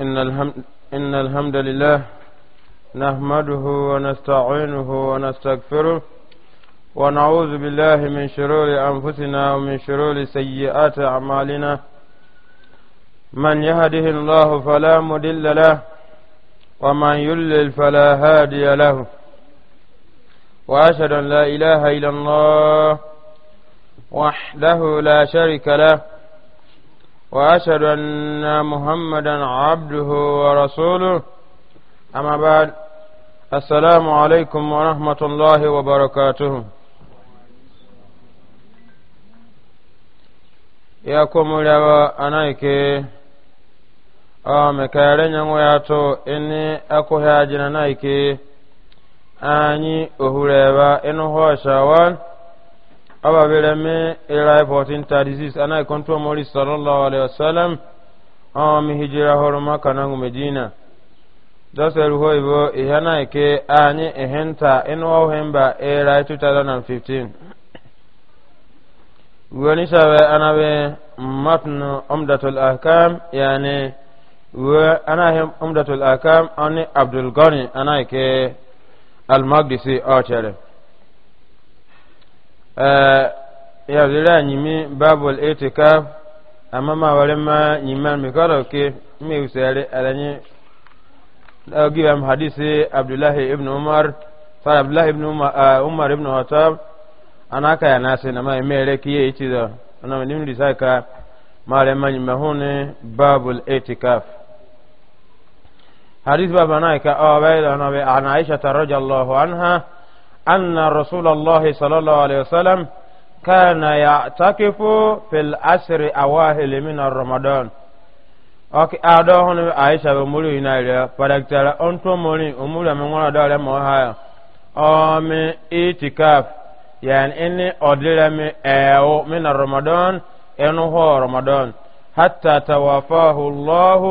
إن الحمد, إن الحمد لله نحمده ونستعينه ونستغفره ونعوذ بالله من شرور أنفسنا ومن شرور سيئات أعمالنا من يهده الله فلا مدل له ومن يلل فلا هادي له وأشهد أن لا إله إلا الله وحده لا شرك له Wa wa wa wa ashe Abduhu na shednamuhamad abdrasulu salamalekum rahmatlọhiort yakomurioanke ọmekerenyanweya t nụ akụghi aji nike anyị ohuruba nụhc aba bere me era 1436 e ana ikonto e mori sallallahu alaihi wasallam awa mi hijira horo maka nangu medina dose ruho ibo ihana ike e anyi ihenta inuwa uhemba era 2015 wani sabe ana be matnu umdatul ahkam yani wa ana hem umdatul ahkam ani abdul gani ana ike al magdisi ochere Eh, yawzira nyimi babul itikaf amma ma wari ma nyiman mi karo ke mi usere alanyi dagiwa eh, mu hadisi abdullahi ibn umar sara Abdullah ibn umar, uh, umar ibn khattab anaka ya nasi na mai mere kiye ichi da ana ni mli saka mare ma nyima hune babul itikaf hadis baba naika awaida oh, na bi ana aisha radhiyallahu anha أن رسول الله صلى الله عليه وسلم كان يعتكف في العشر أواهل من رمضان ok ado hono aisha be muri ina ile paraktara onto muri umura me ngona dole mo ha o me itikaf yani inni odira me ewo min ramadan enu ho ramadan hatta tawafahu allah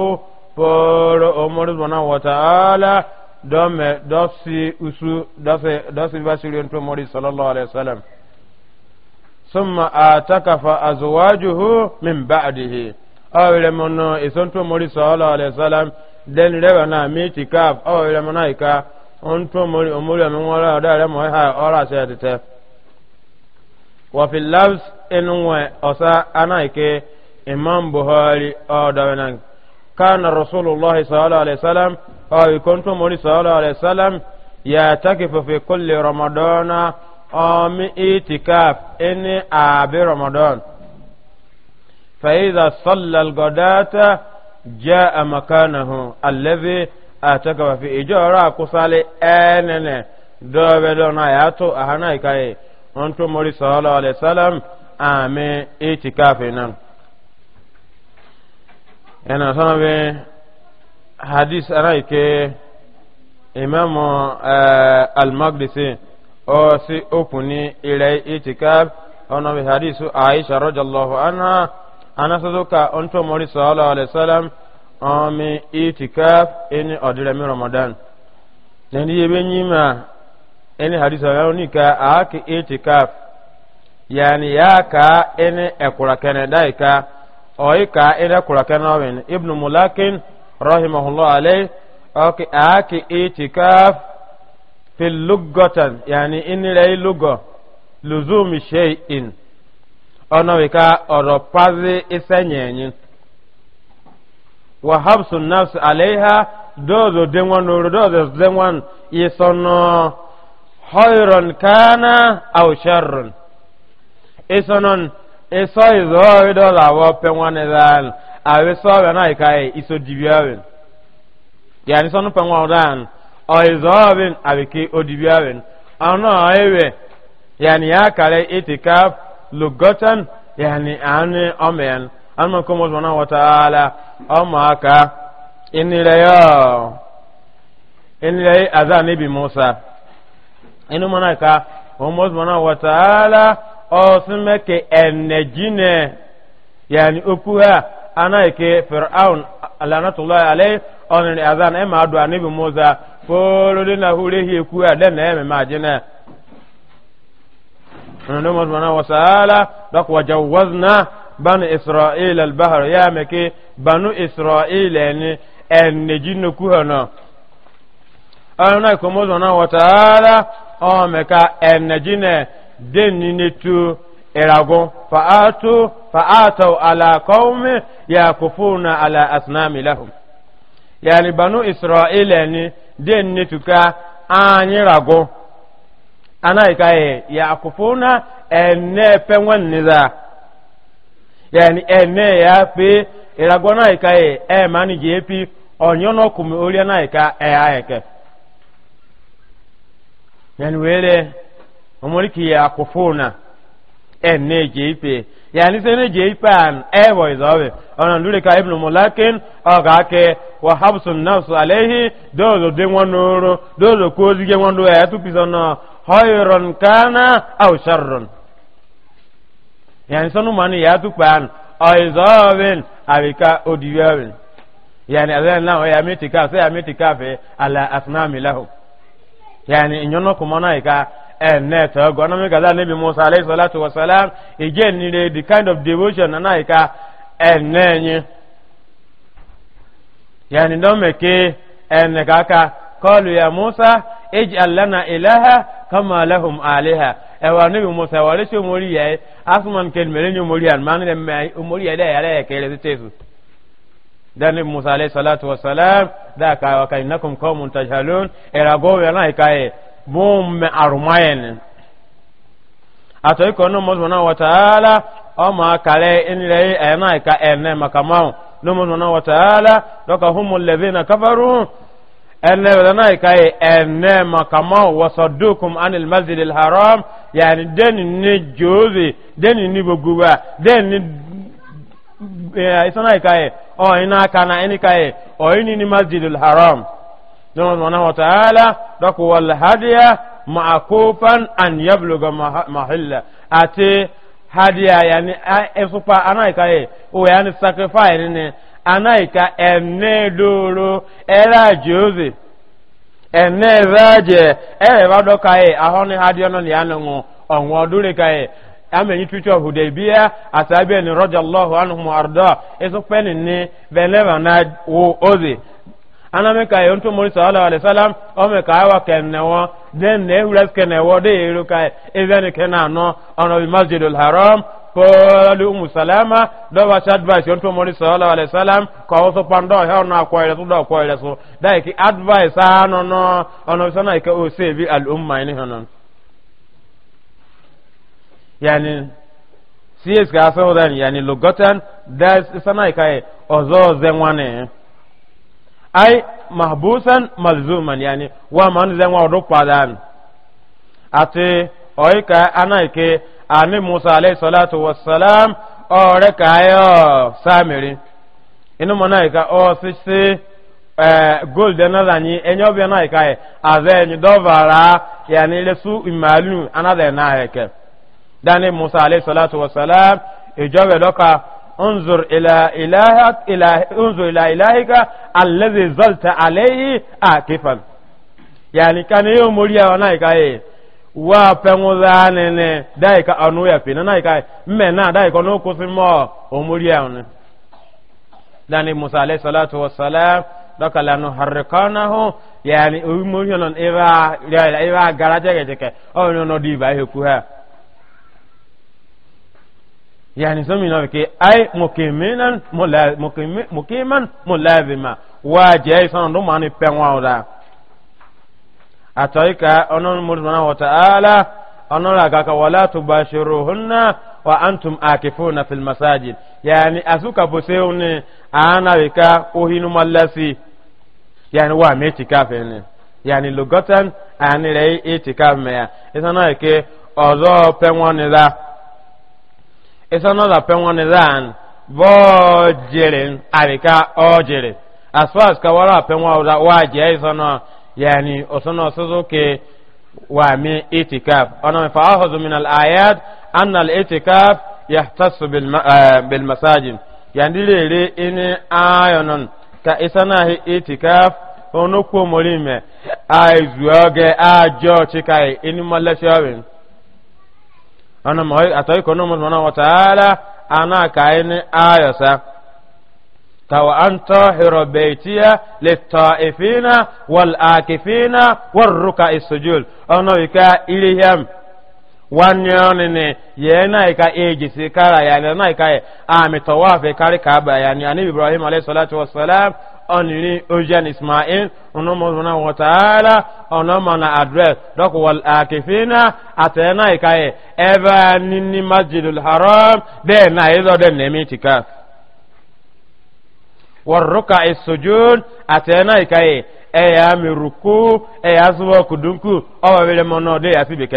por umur subhanahu wa ta'ala dɔmɛ dɔsi usu dɔsi dɔsi ba siri ntɔ mɔri sallallahu alaihi wasallam summa ataka fa azwajuhu min ba'dihi awele mono isonto mɔri sallallahu alaihi wasallam den reba na mi tikaf awele mono ika onto mɔri omori amin wala da re mo ha ora se tete wa fil labs enwe osa anaike imam buhari o dawenan kana rasulullahi sallallahu alaihi wasallam أو يكون مولي صلى الله عليه وسلم يعتكف في كل رمضان أم إتكاف إن أبي رمضان فإذا صلى الغداة جاء مكانه الذي أعتكف في إجارة كسالي آننا دوبي دونا ياتو أهنا إكاي أنتم مولي صلى الله عليه وسلم أم إتكافنا أنا صنبي hadis ana ke imam eh, al-maqdisi o si opuni ilai itikab ono bi hadisu aisha radiyallahu anha ana sado ka onto mori sallallahu alaihi wasallam o mi itikab ini odire mi ramadan nani yebe nyima ini hadisa ya unika aki itikab yani yaka ini ekura kene daika oika ina kura kene ibnu mulakin rahimahullah alayhi ok aaki itikaf fi lugatan yani inirei lugo luzumi shay'in ona wika oro pazi isenyenyi wa habsu nafs alaiha dozo denwan oro dozo denwan isono khairan kana aw sharrun isonon iso izo idola wo penwan ezal awe sɔɔbɛ na ikaye iso dibiawen yani sɔnu pɛ ŋɔ dan ɔyi zɔɔbin abe ke o dibiawen ɔnɔ ɔyiwe yani ya kare itikaf lugotan yani ani ɔmɛn an kɔmɔ wata ala ɔmɔ aka inire yɔ inire aza ne bi musa inu mana ka ɔmɔ ke okuha. ana ke fir'aun lanatullahi alayhi onin azan e ma do anibi musa folo de na hure hi ku a de na e ma jina no mo mana wa sala dak wa jawazna bani isra'ila al-bahr ya meke banu isra'ila ni en ne jinu ku hono ana ko mo mana wa o meka en ne jine den ni tu irago fa'atu fa'atau ala qaumi yakufuna ala asnami lahum yani banu isra'ila ni den ni tuka anyi rago ana ikaye yakufuna enne penwan niza yani enne ya pe irago na ikaye e mani jepi onyono kumi ori na ika e ayeke yani wele omoriki yakufuna ene jeipe yani sene jeipe an ewo izawe ona lure ka ibn mulakin aga ke wa habsun nafs alayhi dozo de wonoro dozo ko zige wondo e tu pisono khayran kana aw sharrun yani sonu mani ya tu pan aizawen abika odiyawen yani azan la ya mitika sai ya mitika fe ala asnami lahu yani inyono kumona ika ene eh, to go na mi kaza nabi Musa alayhi salatu wasalam ije ni the kind of devotion na ika ene eh, nyi yani ndo meke ene eh, kaka qalu ya Musa ij'al lana ilaha kama lahum aliha e nabi Musa wa le se asman kel mele ni mori an man le mori ye da ya kele tesu dani musa alayhi salatu wa salam da ka wa kai nakum qaumun tajhalun era go we na kai mum me arumayen ato iko no mo zona wa taala o ma kale in le e na ka ene makamau no mo zona wa taala doka humul ladhina kafaru ene we na kai ene makamau wa saddukum anil masjidil haram yani deni ni jozi deni ni boguba deni isana eh, eh, ikaye o oh, ina kana ini kaye o oh, ini ni masjidul haram don subhanahu wa ta'ala dako wal hadiya ma'kufan an yabluga mahalla ati hadiya yani esupa ana ikaye eh, o oh, yani sacrifice ni ana na enne doro era jose enne raje e ba do kaye ahoni hadiya non yani ngo onwo dure kaye amenyi tutu hudaybiya asabe ni radiyallahu anhum arda eso peni ni beleva na wo ozi ana me ka yonto muri sallallahu alaihi wasallam o me ka wa kenne wo den ne hulas kenne wo de yiru ka even kena no ono bi masjidul haram polu umu salama do wa chat advice yonto muri sallallahu alaihi wasallam ko wo so pando he ono akoire so do akoire so dai ki advice ano no ono sana ke o sebi al umma ni hanan yani cs ka asa ụdan yani logotan da sana ikaye ọzọ ọzọ nwane ai mahbusan malzuman yani wa man zenwa odo padan ati oika anaike ani musa alayhi salatu wassalam ore kayo samiri inu manaika o sisi gold another ni enyo bi anaika azenyi dovara yani lesu imalu another na heke dani musa alayhi salatu wasalam ijobe loka انظر الى الهك اله انظر الى الهك الذي ظلت عليه عاكفا يعني كان يوم مريا ونايكا ايه wa penguza nene dai ka anu ya pina nai kai me na dai ko no kusimo o muri ya ne dani musa alayhi salatu wassalam daka la no harikanahu yani o muri non eva ya eva garaje ke ke o oh, no no di he ku ha yani somi na ke ai mukiminan mukiman mulazima waje ai sanan do mani penwa ora atoi ka onon murmana wa ta'ala onon raga ka wala tubashiruhunna wa antum akifuna fil masajid yani asuka boseuni ana wika ohinu mallasi yani wa meti kafene yani lugatan ani rei itikaf meya isana ke ozo penwa ni la ịsanọ da penwani zan bọọ jere arika ọ jere as far as ka wara penwa da wa je ịsanọ yani ọsanọ sozo ke wa mi itikaf ọna mi fa'a hozo min al'ayat an itikaf yahtassu bil eh, bil masajid yani rere ini ayonon ka ịsanọ itikaf onokwu omori me aizuoge ajọ chikai e, ini mọlẹsị ọrin ana mai atai kono mun mana wa ta'ala ana kaini ayasa ka wa anta hiro baitiya litta'ifina wal akifina war ruka isujul ono ika iliham wanyoni ne yena ika ejisi kara yani na ika e, ami tawafi e kari kaba yani ani ibrahim alayhi salatu wassalam onu ni ojiani isma'il, onoma zụn'awota ala, onoma na adreesị, dọkịta, atena ike. Ebe a ni n'i ma ziduru haram, deeni ayizu ọdịnihu, ne m'ịtiga. Wọrụ ka esụ Juu, atena ike ị amiruku, eyazu ọkụ duku, ọ wee wile m n'ọdị, eyapu ibe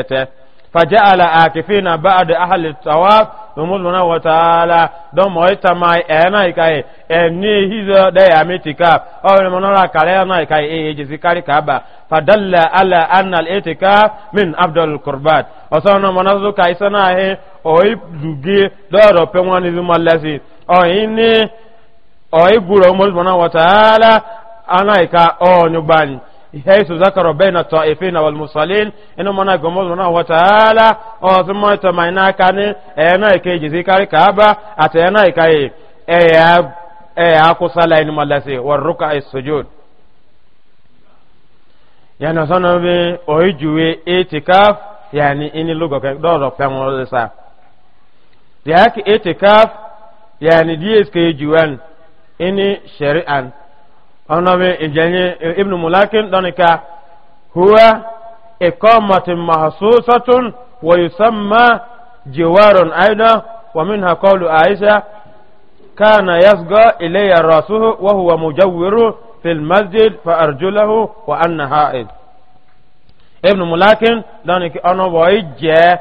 فجعل عاكفين بعد أهل التواف ومولنا وتعالى دم ويتما انا يكاي اني هيزو دي امتكاف او منورا كالينا يكاي اي جزيكاري كابا فدل على ان الاتكاف من افضل القربات وصلنا منازو كايسنا هي او يبزوغي دورو بيواني زوما لسي او اني او يبورو مولنا وتعالى انا يكا او نيباني حيث ذكر بين الطائفين والمصلين إنه منا قمض منا وتعالى أعظم تمينا كان أنا كي جزيكاري كعبة أتينا كي أيا أيا كسلا إن ملسي والركع السجود يعني صنع بي أهجوي إتكاف يعني إني لغة دورة فهمو لسا لأك إتكاف يعني ديس كي جوان إني شريعا anabi ijenye ibnu mulakin donika huwa iqamatin mahsusatun wa yusamma jiwarun aida wa minha qawlu aisha kana yasga ilayya rasuhu wa huwa mujawwiru fil masjid fa arjulahu wa anna ha'id ibnu mulakin donika onobo ije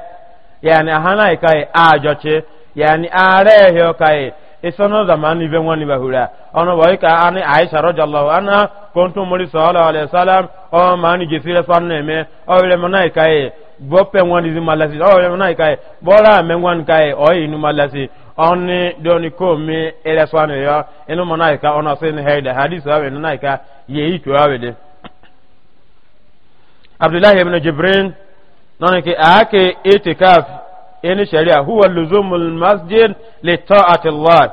yani ahana ikai ajoche yani arehe kai isono zamani be wani bahura ono boy ka ani aisha radhiyallahu anha kontu muri sallallahu alaihi wasallam o mani jesire sonne me o le manai kai bope wani zi malasi o le manai kai bora me wani kai o inu malasi oni doni ini sharia huwa luzumul masjid li ta'ati Allah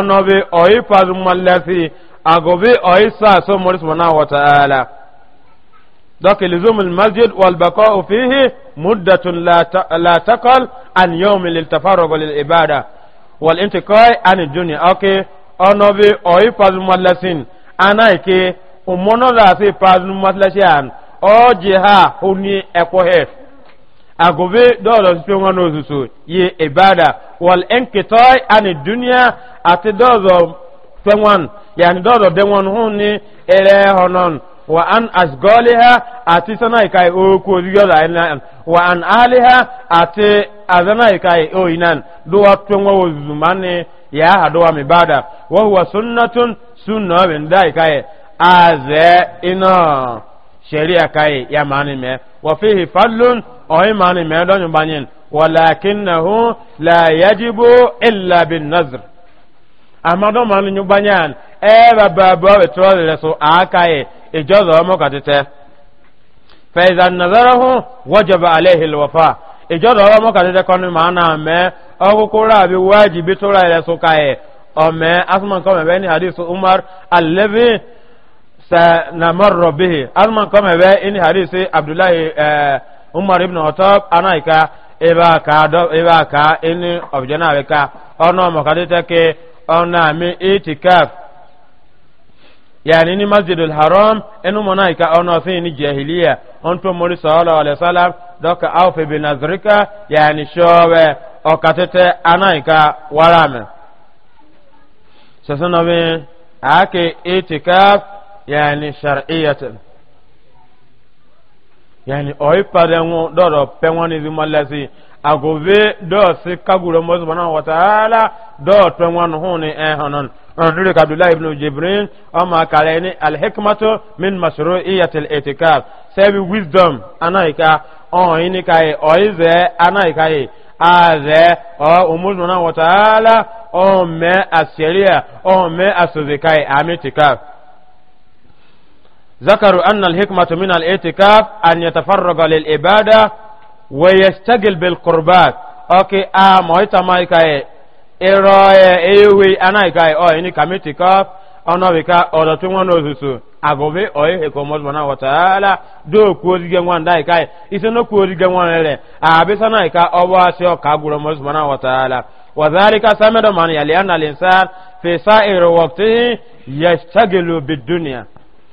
ono bi oyi pazu mallasi agobi oyi sa so mori subhanahu wa ta'ala donc luzumul masjid wal baqa'u fihi muddatun la la taqal an yawm lil tafarrug lil ibada wal intiqai an dunya okay ono bi oyi pazu mallasin anaike umono la se pazu mallasi o jiha huni ekohet agobe dɔɔdɔ sisi ŋɔ n'ozuzu ye ibada wal enkitɔi ani duniya ati dɔɔdɔ fɛŋɔn yani dɔɔdɔ deŋɔn hun ni ɛrɛ hɔnɔn wa an asgɔliha ati sanai kai o kozigɔdɔ ayinan wa an aliha ati azanai kai o yinan duwa fɛŋɔ ozuzu ya ha duwa mi bada wa huwa sunnatun sunna bin dai kai azɛ ina shari'a kai ya mani mɛ wa fihi ọ̀hìn máa ní mẹ́ẹ̀dọ́yìn bá yẹn wàlákínnahu làyájíbó ìlàbí nazir àmọ́dọ́ máa ní yúgbá yẹn ẹ bàbá bọ́ ìtura rẹ̀ so àáká yẹ ìjọ́zọ̀ ọmọ kàtẹ́tẹ́ fẹ̀yìzà nàzọ́rọ̀ hù wọ́jọba alẹ́ ìlúwọ̀fà ìjọ́zọ̀ ọmọ kàtẹ́tẹ́ kọ́ni máa náà mẹ́ ọkùnkúrò àbí wájì bí tóra rẹ̀ so ká yẹ ọmẹ asman kọ́mẹ̀ bẹ́ẹ̀ ni hadith umar alẹ́bí sanamarọ̀ bihi asman kọ́mẹ̀ bẹ́ẹ̀ ni hadith abdullahi ẹ̀ẹ́ eh, umar ibn otob anaika eba ka do eba ka ini objana weka ono makadete ke ona mi itikaf yani ni masjidul haram enu monaika ono fi ni jahiliya onto mori sallallahu alaihi wasallam doka auf bi nazrika yani showe katete anaika warame sasa nawe ake itikaf yani shar'iyatan yani oyi parengu doro pengwani zimalasi agove do si kaguro mo subhanahu wa ta'ala do pengwan huni ehonon ondulik abdullah ibn jibrin ama kaleni al hikmatu min mashru'iyati al itikaf sebi wisdom anaika on ini kai oize anaika yi aze o umu subhanahu wa ta'ala o me asiria o me asuzikai amitikaf ذكروا أن الحكمة من الاعتكاف أن يتفرغ للعبادة ويشتغل بالقربات أوكي آه مويتا مايكا إروي إيوي أنا إيكا أو إني كميتي كاف أنا بكا أو تتوما نوزوسو agobe oye hekomos mana wataala do kuozige ngwan dai kai iseno kuozige ngwan ele abisa na ka oba se o kaguro mos mana wataala wadhalika samedo man yali anna al insan fi sa'ir waqtihi yashtagilu bid dunya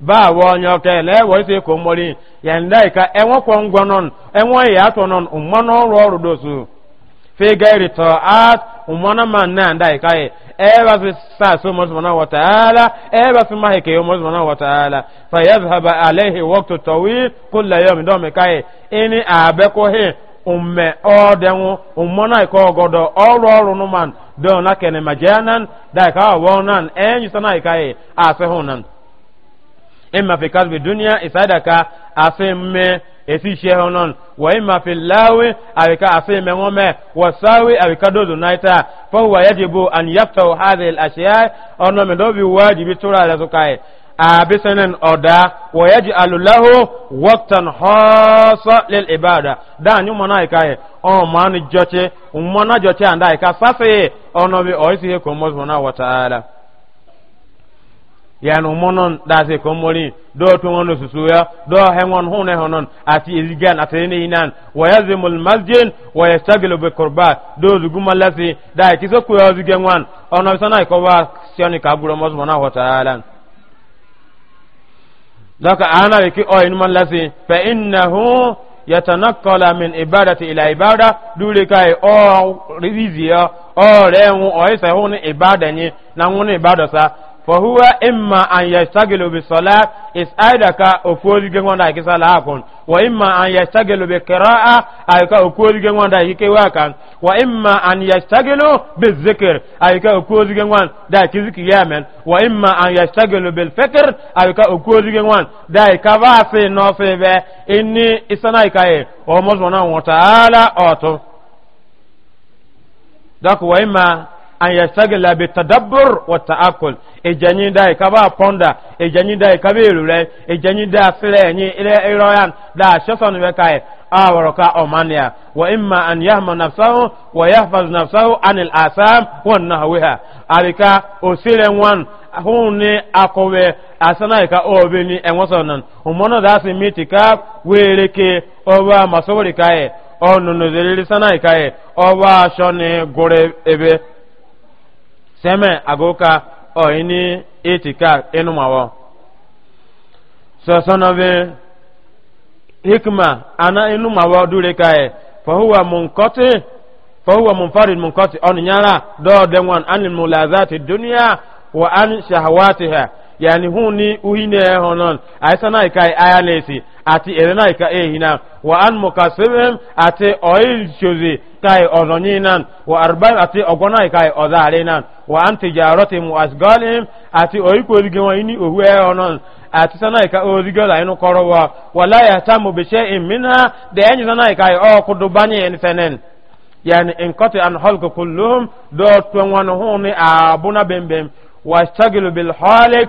baawa onye ọka ele ewe isi ka e omori ya ndị ka enwekwa ngwa nọn enwe ya atọ nọn mmanụ ọrụ ọrụ dosu figari to at umana man na ndai kai e. e ba su sa su mu subhanahu wa ta'ala e ba su mahi ke mu subhanahu wa ta'ala fa yadhhaba alayhi waqtu tawil kull yawm do me kai e. ini abe ko he umme odenwu ummona ko godo ọrụ ọrụ numan do na kene majanan dai ka wonan enyi sana kai asehunan imma fi kasbi dunya isadaka afemme esi shehonon wa imma fi lawi awika afemme ngome wa sawi awika dozo naita fa huwa yajibu an yaftau hadhihi al ashiya ono me dobi wajibi tura da sukai abisanan oda wa yaj'alu lahu waqtan khassa lil ibada da nyu mona ikaye o man joche umona joche anda ika safi ono bi oisi ko mo subhanahu wa ta'ala yani umonon dase ko mori do to ngono susuya do hengon hune honon ati izigan atene inan wa yazimu masjid wa yastagilu bi qurba do zuguma lasi da ki so ko yazigan wan ona sana ko wa sioni ka guro mo subhanahu wa ta'ala daka ana ki o in man lasi fa innahu yatanakkala min ibadati ila ibada duli kai o rizizia o renwu o isa hune ibada ni na hune ibada sa fahuwa imma an yastagilu bi salat is aida ka ofori gen wanda ki sala akon wa imma an yastagilu bi qira'a ay ka ofori gen wanda ki ke wakan wa imma an yastagilu bi zikr ay ka ofori gen wanda ki zikri yamen wa imma an yastagilu bil fikr ay ka ofori gen wanda ka ba fe no fe be inni isana ka e o mo zona wa ta'ala oto dak wa imma an yastagila bi tadabbur wa ta'akul e ejanyi dai ka ba ponda ejanyi dai ka be rure ejanyi da sire ni ile iroyan da shason be kai awaroka omania wa imma an yahma nafsahu wa yahfaz nafsahu anil asam wa nahwiha alika osire wan hunni akowe asana ka obe ni enwosonan umono da si mitika wereke oba masori kai ọnụnụ zeliri sana ikaye ọba ashọ ni gụrụ ebe seme agoka o ini itika inu mawo so sonobe hikma ana inu mawo dure kae fa huwa munkati fa huwa munfarid munkati on nyara do denwan anil mulazati dunya wa an shahawatiha yani huni uhine honon aisana kai aya lesi ati erena ika ehina wa an mukasibim ati oil shozi kai ozonyinan wa arba'in ati ogona kai ozarinan wa an tijarati muasgalim ati oiko rigi won ini owe onon ati sana ika origo la inu korowa wala yahtamu bi shay'in minha de enyi sana ika o kudubanye ensenen yani inkati an halku kulluhum do twenwanu huni abuna bembem wastagilu bil halik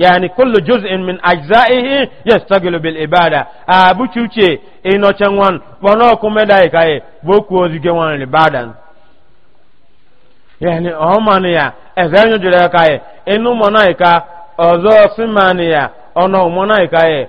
yani kullu juz'in min ajza'ihi yastagilu bil ibada abu chuche ino chenwan wono kumeda ikaye boku ozige wan ibadan yani omani ya ezenyo jure inu mona ika ozo simani ya ono mona ikaye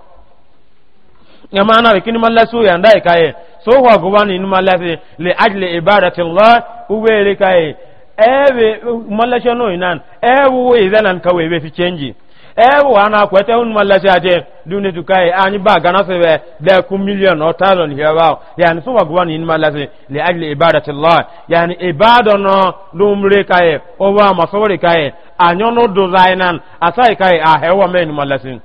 nyamana be kini mallasu ya ndai kaye so wa gubani ni mallasi le ajli ibadati allah uwele kaye ewe mallasha no inan ewe we zanan kawe be fi change ewe ana kwete un mallasha je dune tu kaye ani ba gana se be da ku million or thousand here wow yani so wa gubani ni mallasi le ajli ibadati allah yani ibadano lumre kaye o wa masore kaye anyono dozainan asai kaye a hewa ni mallasin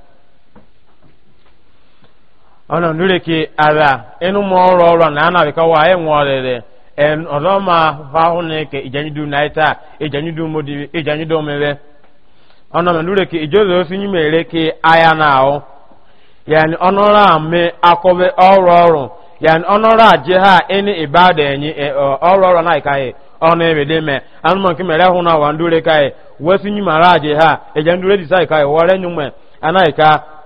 ọnụ ndụrụ ke ala enu mụ ọrụ ọrụ na ana bika wa enwe ọrịrị en ọzọ ma fahụ na ke ijanyidu na ita ijanyidu modibi ijanyidu omere ọnụ ma ndụrụ ke ijozo osi nyi mere ke aya na ahụ yani ọnụ ọrụ a me akọbe ọrụ ọrụ yani ọnụ ọrụ a je ha eni ibada enyi e, ọrụ ọrụ na ikaghị ọnụ ebe dị me anụmanụ nke mere hụ na wa ndụrụ kaghị wesi nyi mara je ha ijanyidu redisa ikaghị wọrọ enyi mgbe anaghị ka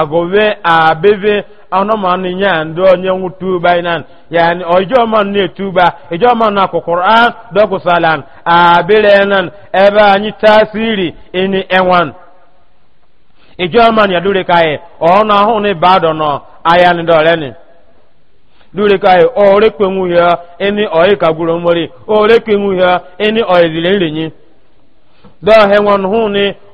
agobe abebe anọmanụ nya ndị onye nwutuba inan yani na-etuba ijọọman na kukuran dọkusalan abirenan ebe anyị tasiri ini ya dure ahụ na ibadan nọ aya ndị ọrịa lórí ká ẹ ọ̀rẹ́ pẹ̀mú yẹ ya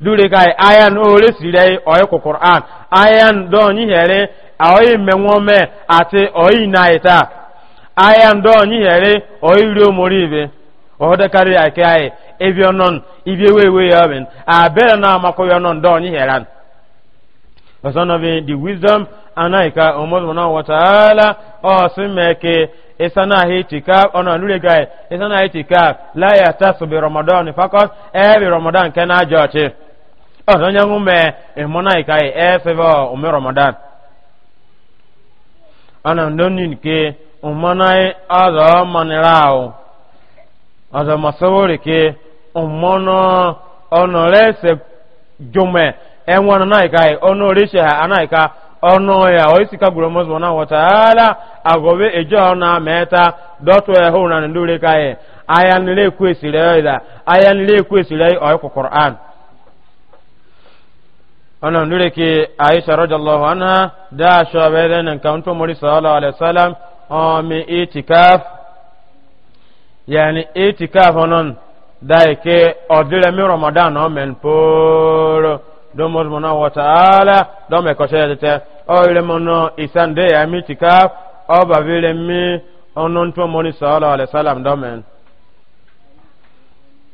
dure kai ayan ole sire oye ko qur'an ayan do nyi here oye menwo me ati oye na ita ayan do nyi here oye ri omori ibe ohode kari ake ai ebi onon ibi wewe abere na amako yonon do nyi heran osono bi the wisdom anaika omozo na wa taala osimeke isana hitika ona nure gai isana hitika la ya tasbi ramadan fakat e bi ramadan kana jote ọzọ nyẹ́ ń mẹ́ na ìka yìí ẹ́ e, fẹ́fẹ́ ọmọ ramadan ọ̀nà nke nìke ọmọná ọ̀dọ́ mọ̀nìlá o ọ̀dọ́ ke ọmọná ọ̀nà lẹ́sẹ̀ jọmọ̀ ẹ̀wọ̀n náà ìka yìí ọ̀nà oríṣi àná ìka ọ̀nà ọ̀yà ọ̀yẹ́sì ká gbúrọ̀ ona ndure ke aisha radiyallahu anha da shabe nan kan to muri sallallahu alaihi wasallam o mi itikaf yani itikaf onon da ke odire mi ramadan o men poro do mo mona wa taala do me ko shete o ile mono isande ya mi itikaf o ba vile mi onon to muri sallallahu alaihi wasallam do men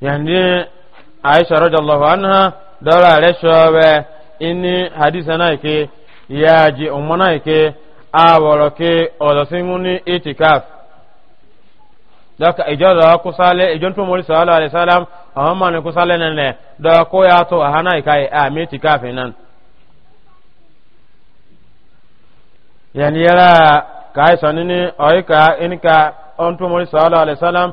yani aisha radiyallahu anha dora re shabe ini hadisa na ke yaji umana ke aworo ke odosimuni itikaf daka ijaza kusale ijon to mori sallallahu alaihi wasallam amma ne kusale nene. ne da ya to hana kai a ah, me itikaf nan yani yara kai sanini oika inka on to mori sallallahu alaihi wasallam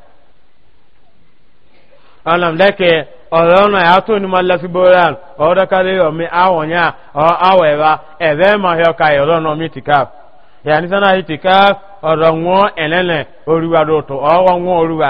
alam leke ọ̀rọ̀nà yàtọ̀ ní máa lọ́sí bóran ọ̀rọ̀ kálẹ̀ ọ̀mí àwọ̀nyá àwẹ̀wà ẹ̀rẹ́ mahẹ́ ọ̀ka ìrọ̀nà mi ti káf yàní sánà yìí ti káf ọ̀rọ̀ wọn ẹ̀lẹ́nẹ̀ oríwa dòtò ọwọ́ wọn oríwa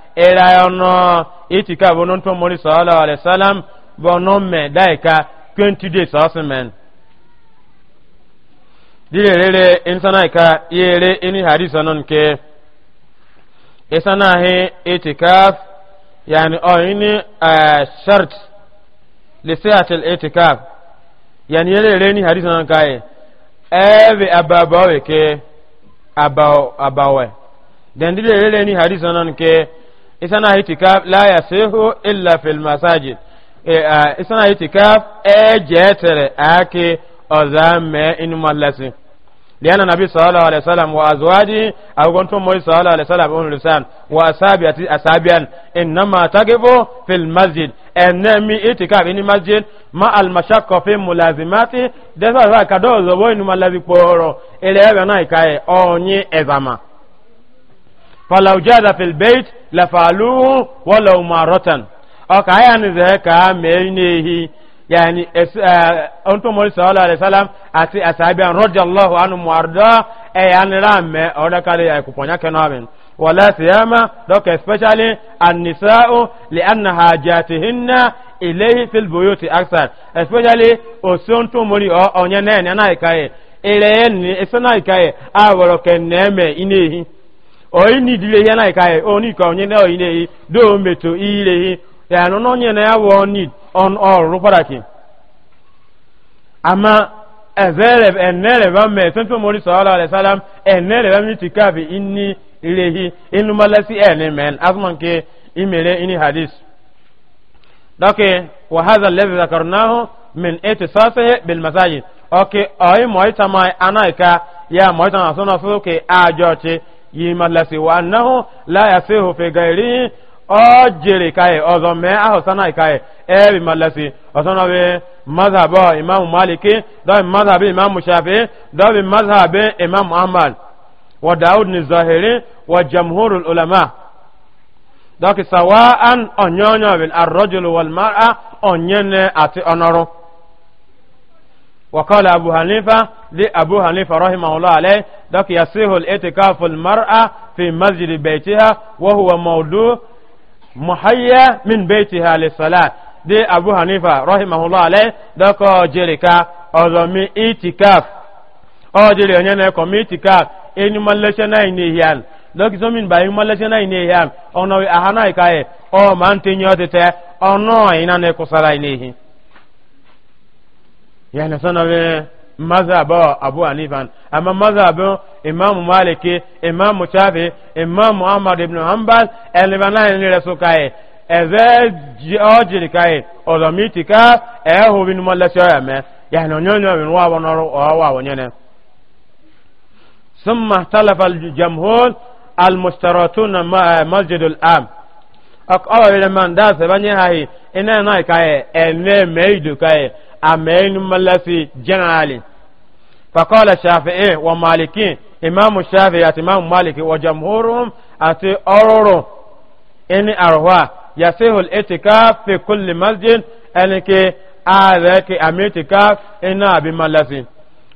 era ono itika bono to mori sallallahu alaihi wasallam bono me daika 20 days asmen dire rere insana ka yere ini hadisa non ke isana he itikaf yani o ini shart li sihat al yani yere rere ni hadisa non kai ebe ababawe ke abaw abawe den dire rere ni hadisa non ke isana itikaf la yasihu illa fil masajid e, isana itikaf e jetere ake ozame inu mallasi liana nabi sallallahu alaihi wasallam wa azwaji aw gonto moy sallallahu alaihi wasallam on lisan wa asabiati asabian inma taqifu fil masjid enemi itikaf ini masjid ma al mashaqqa fi mulazimati desa ka do zo boy nu malazi poro ele ebe na ikae onyi ezama فلو جاد في البيت لفعلوه ولو مرة أوكا يعني ذهك مينيه يعني أنتم مولى صلى الله عليه وسلم أتي أصحابي رضي الله عنهم وأرضاه أي يعني رام أولاك علي أكوبونيا كنابين ولا سيما دوك especially النساء لأن حاجاتهن إليه في البيوت أكثر especially أسنتم مولى أو أنيا نين أنا إكاي إليه إسنا إكاي أولو كنامي إنيه oyi ni idile ihe na ikaye oni ka onye na oyi neyi do meto ile hi ya no no na ya wo ni on all rubaraki ama ezere enere ba me tuntu mori sallallahu alaihi wasallam enere ba mi tikabi inni ilehi inu malasi ene men azman ke imere ini hadis dake wa hadha alladhi dhakarnahu min ittisasihi bil masajid okay oyi moita mai anaika ya moita na sono so ke ajoche yi malasi wa annahu la yasihu fi gairi o jere kai ozo me aho sana kai e bi malasi osono be mazhabo imam maliki do bi mazhabi imam shafi do bi mazhabi imam ahmad wa daud ni zahiri wa jamhurul ulama donc sawa'an onyonyo bil arrajul wal mar'a onyene ati onoru وقال أبو حنيفة لأبو حنيفة رحمه الله عليه دك يصيح الاعتكاف المرأة في مسجد بيتها وهو موضوع محيا من بيتها للصلاة دي أبو حنيفة رحمه الله عليه دك جريكا أظمي اعتكاف أجري أن يكون اعتكاف إني ملشنا إنيهان دك زمين باي ملشنا إنيهان أنوي أحنا إكاي أو من تنيوتي أنا إنا نكسر إنيهان yani sana be mazhaba abu hanifa amma mazhabin imam maliki imam shafi imam ahmad ibn hanbal elibana ni resu kai eze ojiri kai odomiti ka ehu bin malasho ya me yani onyonyo bin wa won ro wa won ne ثم اختلف الجمهور المشترطون مع مسجد الام ọba bere man da se banye ha hi ina na ka e ene me idu ka e amen malasi generally fa qala shafi'i wa maliki imam shafi'i at imam maliki wa jamhurum ati ororo ini arwa yasihul itikaf fi kulli masjid anike aadaki amitikaf ina bi malasi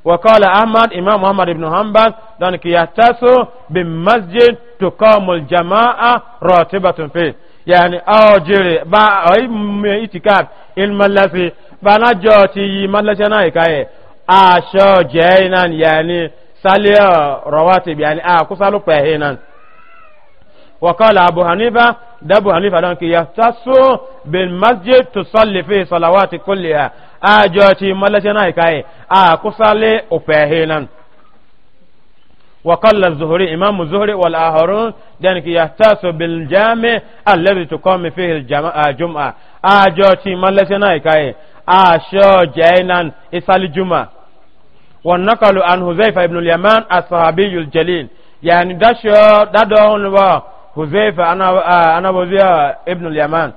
وقال أحمد إمام محمد بن حنبل ذلك يحتس بمسجد تقام الجماعة راتبة فيه yani awo oh, jere ba ayi oh, me itikaf il mallafi bana joti yi malasi na ikaye e, a sho jainan e, yani saliya rawati yani a kusalu pahinan wa qala abu hanifa da abu hanifa don ki yahtasu bil masjid tusalli fi salawati kulliha a joti malasi na ikaye e, a kusale upahinan وقال الزهري إمام الزهري والآخرون ذلك يحتاس بالجامع الذي تقام فيه الجمعة أجوتي ملسنا إكاي أشو جينا إسال الجمعة ونقل عن هزيفة بن اليمان الصحابي الجليل يعني دشو دادون و هزيفة أنا أنا وزيا ابن اليمان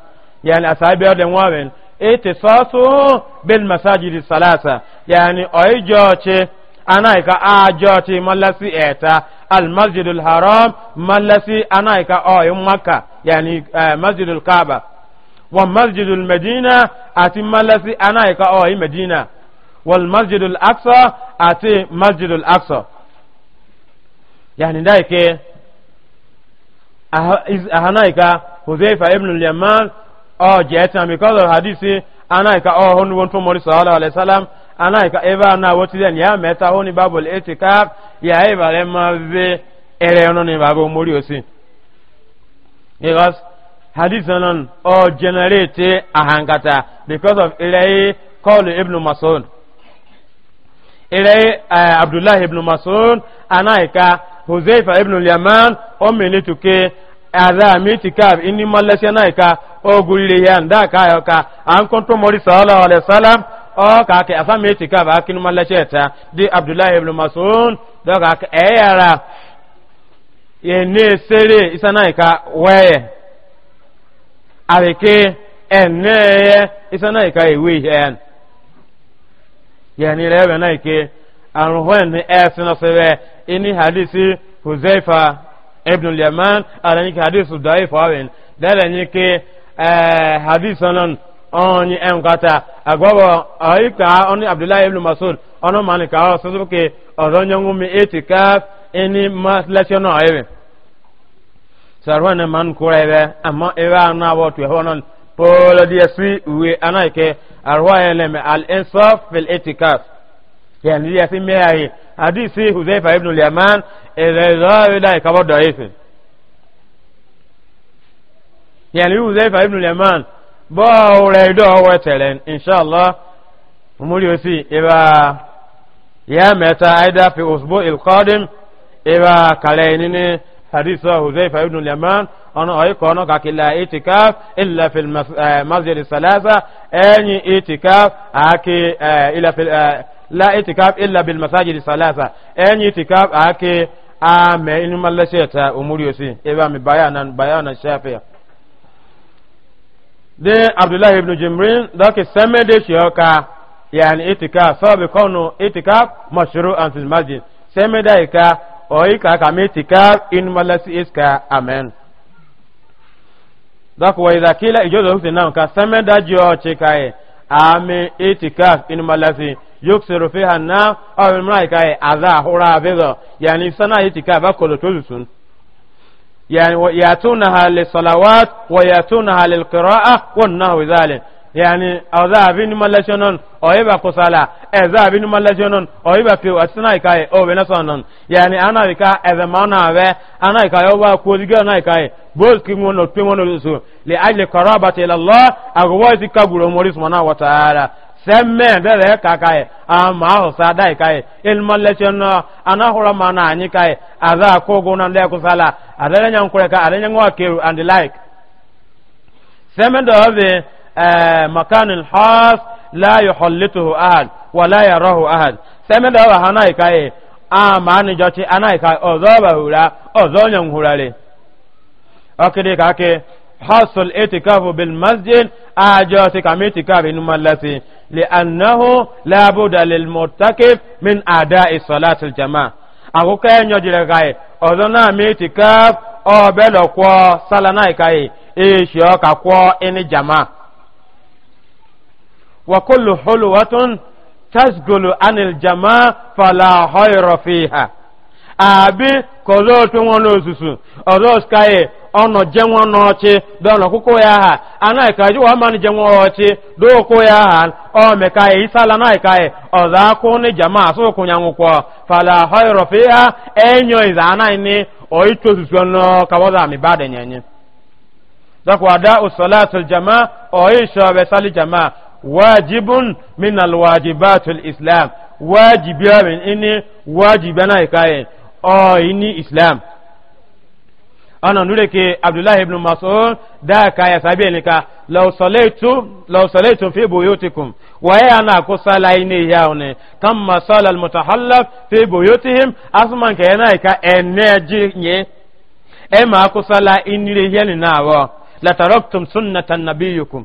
يعني أصحابي أدن وابن اتصاصه بالمساجد الثلاثة يعني أيجوتي anaika ajoti malasi eta almasjidul haram malasi anaika oyo makka yani uh, masjidul kaaba wa masjidul medina ati malasi anaika oyo medina wal masjidul aqsa ati masjidul aqsa yani daike ahanaika huzaifa ibn al-yaman o jeta because of hadisi anaika o hon won to mori sallallahu alaihi wasallam Ana anaika eba na wotilen ya meta honi babul itikaf ya eba le mabe ere ono ni babo mori osi because hadith anan o generate ahangata because of ilai call ibn mas'ud ilai uh, eh, abdullah ibn mas'ud anaika huzaifa ibn al-yaman o milituke ada mitikaf inni malasiya naika o gurire yan da kayoka an kontu mori sallallahu alaihi wasallam o ka ke afa me ti ka ba kinu mala cheta di abdullah ibn mas'ud do ka ke eyara ye ne sere isana ka weye areke eneye isana ka ewe hen yani lebe na ke arwen esina sebe ini hadisi huzaifa ibn al-yaman alani hadisi daif awen dalani ke hadisi nan onye enkata agwabo oika oni abdullahi ibn masud ono mani ka o susu ke oro nyangu mi itikaf ini maslation o ebe sarwane man kure ebe amma ebe ana wo tu hono polo dia sui uwe anaike arwa eleme al insaf fil itikaf yani dia si meahi hadisi huzaifa ibn al-yaman ila zawi dai kabo daifi yani huzaifa ibn bọ́ọ̀ rẹ̀ ìdọ́ ọwọ́ tẹ̀lẹ̀ inṣàlá múrí ó sì ìbá ya mẹ́ta aida fi òṣùgbó ìlkọ́dín ìbá kàlẹ̀ nínú hadisa huzaifa ibn liman ọ̀nà ọ̀yíkọ̀ ọ̀nà kàkìlá itikaf ilẹ̀ fi eh, masjid salasa ẹ̀yìn itikaf àkè eh, ilẹ̀ fi eh, la itikaf ilẹ̀ bil masajid salasa ẹ̀yìn itikaf àkè àmẹ́ inú mọ́lẹ́ṣẹ̀ta òmúrí ó sì ìbá mi bayanan bayanan shafiya de Abdullah ibn jimrin dɔki sɛmɛ de siyɔ ka yani itika sɔbi kɔnu itika mashuru anfil masjid sɛmɛ da yi ka oyi ka ka mi tika inumalasi iska amen dɔki wa iza kila ijo da hukuti nan ka sɛmɛ da jiyɔ ce ka ye ami itika inumalasi yuksiru fi hanna ɔbi mura yi ka ye aza hura abizɔ yani sana itika ba kolo tolu sun. يعني يأتونها للصلوات ويأتونها للقراءة والنحو ذلك يعني أذا بين ملشنون أو يبقى كسالة أذا ملشنون أو يبقى كيو أسنا أو بنسونون يعني أنا بكا إذا ما أنا به أنا يكاي أو بقى كوزيجا أنا يكاي بول كيمون أو تيمون أو لأجل قرابة إلى الله أقوى ذكر مريس منا وتعالى sɛmɛ bɛɛ bɛ kaka ye a maa o sa da yi ka ye elima lɛsɛn nɔ a na hɔrɔn ma na anyi ka ye a za ko gona lɛ kusa la a lɛ nyɛ nkura ka a lɛ nyɛ ŋɔ keru and like sɛmɛ dɔ bɛ ɛɛ makani hɔs la yɔ hɔlituhu ahad wala yarahu ahad sɛmɛ dɔ bɛ hana yi ka ye a maa ni jɔ ti ana yi ka ye ɔzɔ bɛ hura ɔzɔ nyɛ nhura le ɔkiri ka ke hasul itikafu bil masjid ajo ti kam itikaf inu malasi li annahu la buda lil muttakif min ada'i salati al jamaa akoka enyo jire kai odo na mi itikaf o be lo kwo sala na kai e shi o ka kwo ini jamaa wa kullu hulwatun tasgulu anil jamaa fala khayra fiha abi kozo to won lo susu odo sky ọnọ jenwa n'ọchị dọnọ ọkụkọ ya ha anaghị ka ji wamanụ jenwa ọchị dọọkụ ya ha ọmị ka ya isala naghị ka ya ọzọ akụ ni jama asụ kwụnya nwụkwọ fala hoiro fi ha enyo iza anaghị ni oitu osusu ọnụ kawọza amị ba dịnyanye dakwa da usalatul jama oisha wa sali jama wajibun min alwajibatul islam wajibi min ini wajibi anaghị ka ya ọ ini islam ana nure ke abdullahi ibn mas'ud da ka ya sabi ne ka law salaitu law salaitu fi buyutikum wa ya ana ku salai ne ya ne kam masal al mutahallaf fi buyutihim asman ka yana ka energy nye e ma ku sala inire yeli na wa la taraktum sunnatan nabiyikum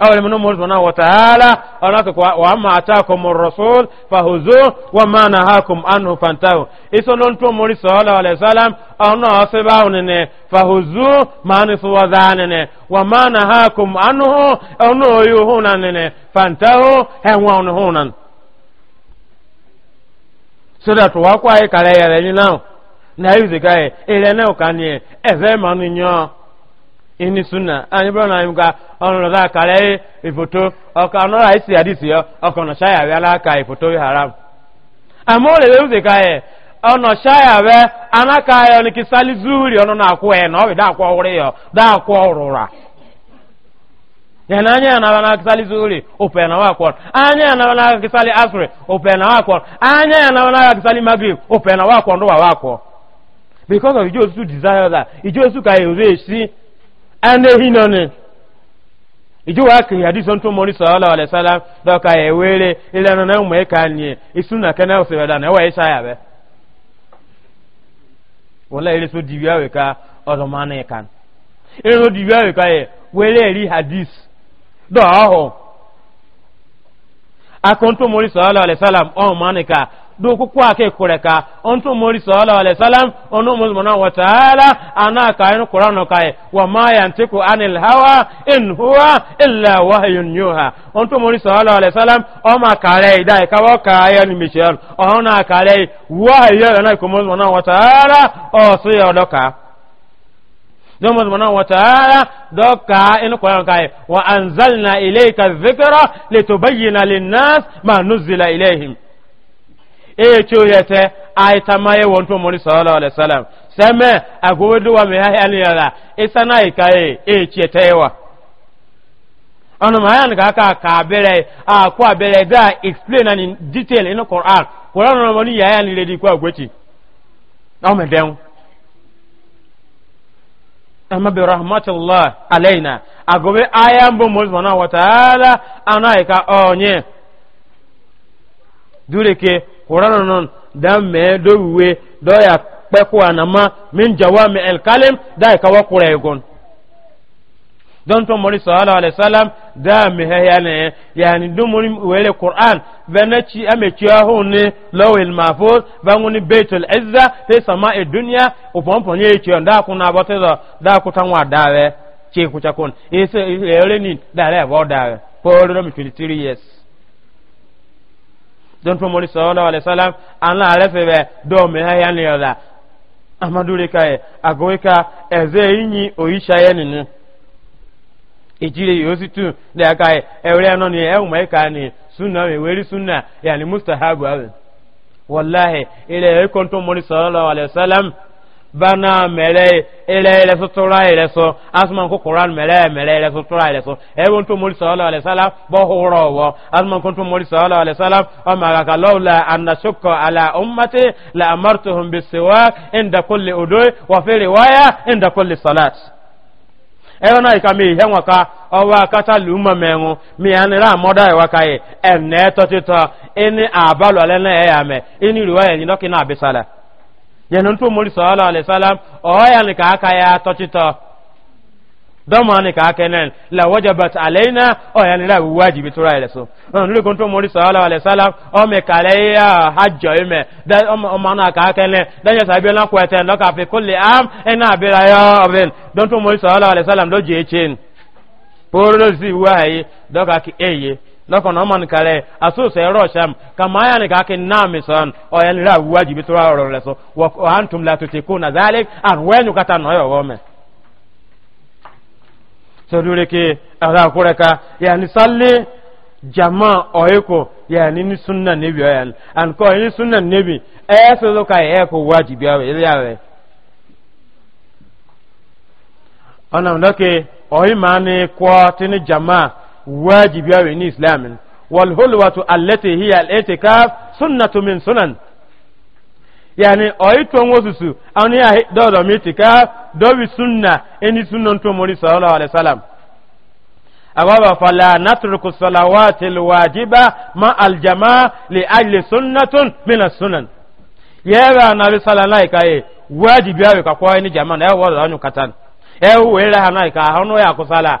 awale mno mori subhanahu wa ta'ala anaka kwa wa ma atakum ar-rasul fahuzu wa ma nahakum anhu fantahu iso non to mori sallallahu alaihi wasallam ana aseba unene fahuzu mani suwadanene wa ma nahakum anhu ono yuhunanene fantahu henwa unhunan so that wa kwa ikale yale nyinao na yuze kae ile ne ukanie eze ini sunna anyị bụrụ na anyị ka ọnụrụ za karịa ifoto ọka ọnụrụ anyị si hadisi ya ọka ọnọcha ya bịa n'aka ifoto haram ama ọ lebe uze ka ya ọnọcha ya bịa anaka ya ọnụ kisali zuhuri ọnụ na-akwụ ya na ọ bụ dakwa ọhụrụ ya dakwa ọrụra yana anya na wana kisali zuhuri ya na wakwa anya na wana kisali asri upe na wakwa anya ya na wana kisali magrib upe na wakwa ndo wa wakwa because of ijo su desire that ijo su ka ya ore si anehi nọnị ijuwa aka ya dị sọntụ mọni sọọla ọlesala dọka ya ewere ile nọ na ụmụ ịka anyị isu na kene osebeda na ewe ịsa ya be wọla ere so diwi awe ka ọzọ ma na ịka ere so diwi awe ka ya were eri hadis dọ ọhụ akụ akụntụ mọni sọọla ọlesala ọ ma na ịka do ku kwa ke kureka onto mori sallallahu alaihi wasallam ono muzmana wa ta'ala ana ka in qur'an ka e wa ma yantiku anil hawa in huwa illa wahyun yuha onto mori sallallahu alaihi wasallam o ma kare ida ka wa ka ya ni michel ona kare wahyu na ku muzmana wa ta'ala o so ya doka domin zumana wata ara doka inu kwayon kayi wa an zalna ilaika zikira litubayyana linnas ma nuzila ilaihim eyeche ohete aitamaye wonto mori sallallahu alaihi wasallam seme agowedo wa meha yani yala isana ikaye eyeche tewa ono mayan ka ka ka bere a ko abere da explain in detail in Quran Quran no moni ya dureke qur'an non da me do we do ya pe ko anama min jawami al kalim da ka wa qura gon don to mori sallallahu alaihi wasallam da me he ya ne yani do mori wele qur'an bana ci ame ci aho ne lawil mahfuz banguni baitul izza fi sama'i dunya upon ponye ci onda kuna bateza da ku tanwa dawe ce ku chakon ese ele ni da le bo dawe ko do 23 years don to mori sallallahu alaihi wasallam anla arefe be do me ha yan yola amadure kai agoika eze yinyi oisha yeninu ijire yosi tu da ya kai ewre no ni e umai ka ni sunna we weri sunna yani mustahabu awe wallahi ile e kon to mori sallallahu alaihi wasallam bana mɛlɛ ɛlɛ ɛlɛ sotora ɛlɛ sɔ asuman ko koran mɛlɛ mɛlɛ ɛlɛ sotora ɛlɛ sɔ ɛwɔ e ntɔ mori sɔɔlɔ ɛlɛ sala bɔ hɔrɔ wɔ asuman ko ntɔ mori sɔɔlɔ ɛlɛ sala ɔmɔ ka lɔw la anasokɔ ala ɔmate la amartuhum bisewa ɛnda kɔli odo wafere waya ɛnda kɔli salat ɛwɔ náà ika mi ihɛ waka ɔwɔ akata luma mɛŋu mianira amɔda ɛwaka yi ɛnɛ tɔtitɔ ɛni abalɔ lɛ yẹnu tó mori sọọlọ alẹsàlám ọyà ni kàákà yà tọchitọ dọ́mọ̀ ni kàákà náà làwọ́jà bàtà àlẹ́yìnà ọyà ni láì wájì bí tóra ẹ̀lẹ́sọ ọ̀nà nílùú kan tó mori sọọlọ alẹsàlám ọmọ ìkàlẹ̀ yà hajjọ ìmẹ̀ ọmọ náà kàákà náà dẹ́yẹ sàbíọ́ náà kọ̀ẹ̀tẹ̀ lọ́kà fi kó lè ám ẹ̀nà àbẹ̀rẹ̀ ayọ́ ọ̀bẹ̀n dọ́n tó mori sọọlọ alẹsàlám lójì lọ́kàn náà mọ̀nì kàlẹ́ àsòsè ẹ̀rọ ṣam kàmá yà ni kàkí náà mi sàn ọ̀yẹ́ nílẹ̀ àwùwá jìbí tó rọrọ̀ rẹ̀ sọ wọ́n à ń tún la tètè kó nàzálẹ́ àwẹ́nu kàtà nọ́yọ̀ wọ́ mẹ́. sọdúnrún kí ọ̀dà àkúrẹ́ ká yà ni sálẹ̀ jama ọ̀yẹ́kọ̀ yà ni ní súnà níbi ọ̀yà ni ànkọ́ ẹ̀yìn súnà níbi ẹ̀ sọ́dọ̀ ká ẹ̀ wajibi awe ni islam wal hulwatu allati hiya al itikaf sunnatu min sunan yani oito ngosusu ani ya dodo mitika dobi sunna eni sunna to mori sallallahu alaihi wasallam ababa fala natruku salawati al wajiba ma al jamaa li ajli sunnatun min as sunan yeba nabi sallallahu alaihi wajibi awe ka kwa ni jamaa na yawo wala nyu katan ewu wela hanai ka hanu ya kusala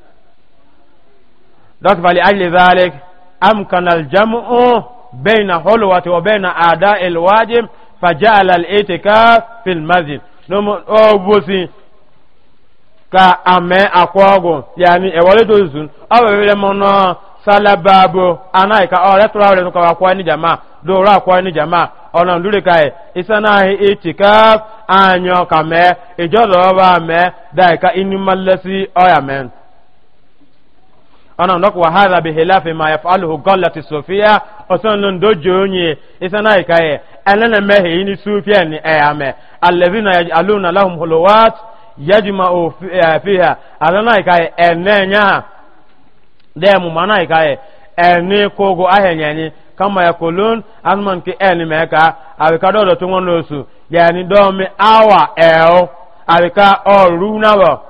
دوك فلأجل ذلك أمكن الجمع بين حلوة وبين na الواجب فجعل الاعتكاف في المسجد نمو أوبوسي ka ame akwa ya ni ewere dozu ọ were m nọ salababo anaghị ka ọ retụrụ awere nụkọwa akwa ni jama doro akwa ni jama ọnà ndúrè káyẹ ìsanáhì ìtìká àyàn kàmẹ ìjọdọ ọba mẹ dáìka ìnímọlẹsí ana ndok wa hadha bi hilafi ma yaf'aluhu gallati sufiya osan ndo jonye isana ikaye anana mehe ni sufiya ni ayame allazina yaj'aluna lahum hulawat yajma'u eh, fiha anana ikaye enenya demu mana ikaye eni kogo ahenyanyi kama yakulun azman ki eni meka awika dodo tungonosu yani domi awa eo awika orunawo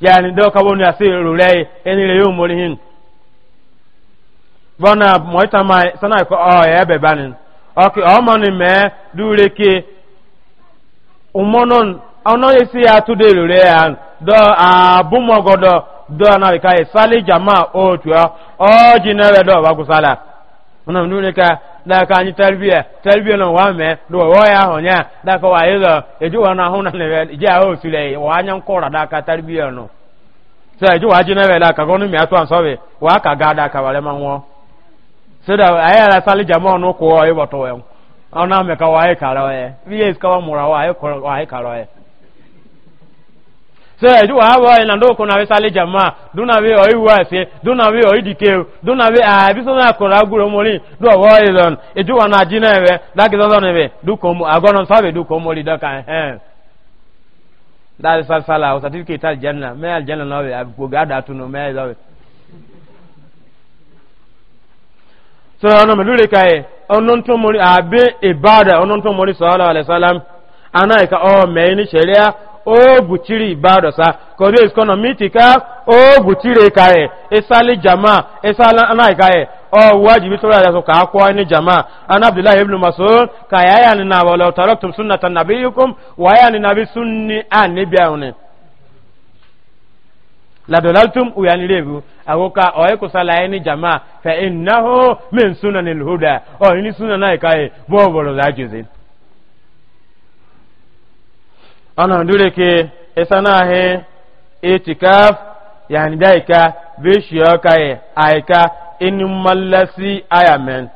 yani do ka wonu asiru lei enire yo morihin bona moita mai sana ko o oh, ebe banin oki o moni me dure ke umonon ono yesi ya tude lure ya do abumogodo do na ka sali jama o tu o jinere do bagusala ona nure ka daka anyị talbiya talbiya e na wa me do wa ya honya daka wa yizo eju wa na na ne ji a osule wa anya nkora daka talbiya no so eju wa ji na wela ka gonu mi atu an sobe wa ka ga daka wale manwo so da ayala sali jamo no ko e boto we ona me ka wa e karo e vi es ka wa mura wa e ko wa e karo e se ju wa wa ina ndo kuna we sale jama duna we o iwa se duna we o idike duna we a ah, bi so na ko aguro mori do wa ilon e ju na ji na we da we du ko mu agonon sa we du ko mori da kan eh. we abi ko ga da tunu me abe ibada onon to mori sallallahu alaihi wasallam ana e oh, o buchiri ibadosa kodo iskono mitika o buchiri kae esali jama isala anai kae o wajibi to ya so ka ko ni jama an abdullah ibn mas'ud ka ya ya ni na wala taraktum sunnata nabiyikum wa ya ni nabi sunni an nabiyune la dalaltum uyanilevu awoka oye kusala ni jama fa innahu min sunanil huda o ni n'ai kae bo bolo da juzin ana ndure ke esana he itikaf yani daika be shiyo kai aika in mallasi ayamen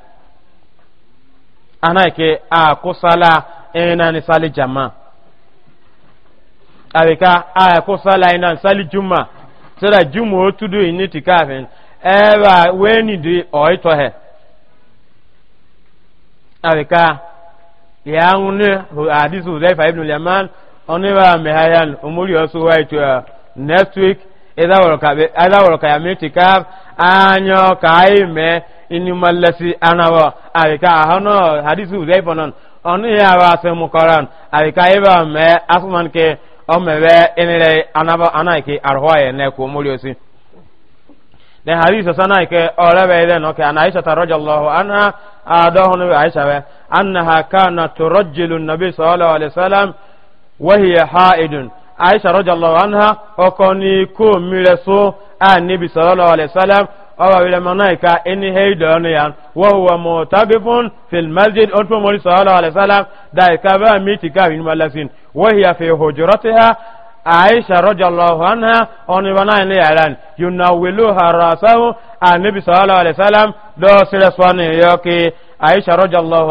ana ke a kusala ina ni sali jama abika a kusala ina sali juma sira juma o tudu in itikafin eba weni di oito he abika ya ngune hadithu zaifa ibn al-yaman oniwa mehayan umuri osu waitu uh, next week ida woroka be ida woroka ya mitika anyo kaime inumalasi anawa arika hono hadisu zai bonon oni ya wa se mukoran alika iba me oh asuman ke o mewe inire anaba anaiki arhoye ne ku umuri osi ne hadisa sana ke orebe ile no ke anaisha radhiyallahu anha adahunu uh, aisha we annaha kana turajjilu an-nabi sallallahu alaihi wasallam wahiya ha'idun aisha rajallahu anha okoni ko mireso a nabi sallallahu alaihi wasallam awa wile manaika ini heido ni yan wa huwa mutabifun fil masjid onto mori sallallahu alaihi wasallam da ka ba miti ka hin malasin wa hiya fi hujratiha aisha rajallahu anha oni wana ni yaran yunawilu harasahu a nabi sallallahu alaihi wasallam do sire swani yoki aisha rajallahu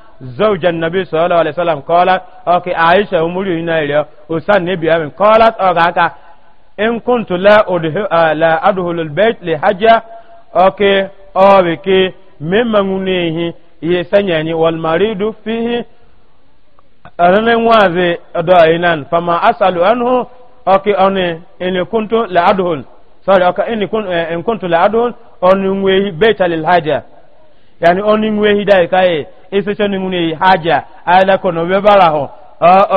زوج النبي صلى الله عليه وسلم قالت أوكي عائشة أمري هنا إليه وسان نبي أمين قالت أوكي إن كنت لا أدهل, لا أدهل البيت لحجة أوكي أوكي مما نغنيه يسنيني والمريض فيه أرنين وازي أدائنان فما أسأل عنه أوكي أني إن كنت لا أدهل sorry أوكي إن كنت, إن كنت لا أدهل أني نغيه بيت للحجة يعني أني نغيه دايكايه esecho ni ngune haja ala kono webara ho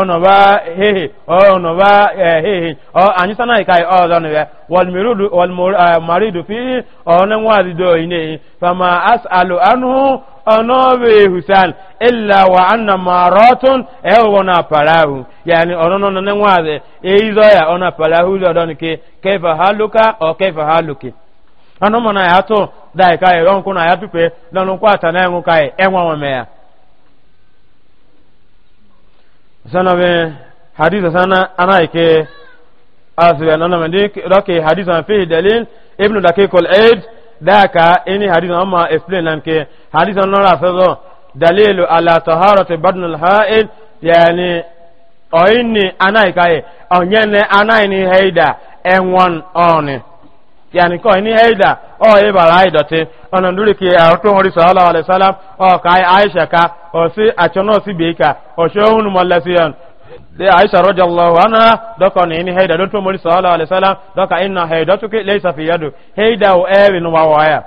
ono ba hehe ono ba hehe o anyi sana ikai o don eh, we wal mirudu wal eh, maridu fi ono ngwazi do ine fama asalu anhu ono be husan illa wa anna maratun e eh, na palahu yani ono no ngwazi e izo ya ona palahu do don ke kaifa haluka o kaifa haluki ano mona ya to dai kai ron kuna ya pipe don kwa na enwu kai enwa wa ya sana be hadith sana anaike asbe nana mende roke hadith an fi dalil ibnu daqiq al aid daka ini hadith amma explain lan ke hadith an nara fa dalilu ala taharati badn al ha'id yani oyini anaika e onyene anaini heida enwon oni yani ko ni aida o e bara aida te ona nduri ki a to ngori sallallahu alaihi wasallam o kai aisha ka o si achono si beika o shohun mallasiyan de aisha radiyallahu anha doko ni ni haida don to ngori sallallahu alaihi wasallam doka inna haidatuki laysa fi yadu haida o e no wa waya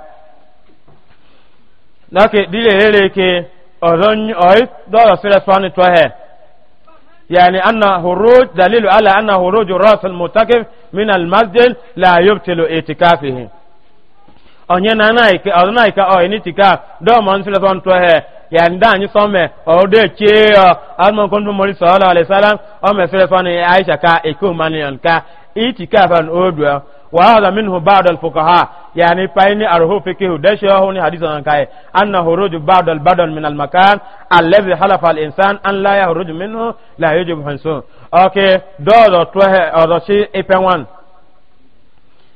nake dile hele ke o don o do la sira swani to he يعني أن هروج دليل على أن هروج رأس المتكف من المسجد لا يبطل اعتكافه onye na anaghị ọdịnaghị ka ọ enitika dọọma nsị lọsọ ntụ ehe ya ndị anyị sọme ọdụ chie ọ azụmọkọ ndụ mọrị sọọla ọlịsala ọ mesịrị sọ na aisha ka ekomanion ka itika fan odu وهذا منه بعض الفقهاء يعني فإن أرهو فكه دشه هنا حديث عن كاي أن خروج بعض البدن من المكان الذي حلف الإنسان أن لا يخرج منه لا يجب حنسون أوكي دو دو توه أرشي إبوان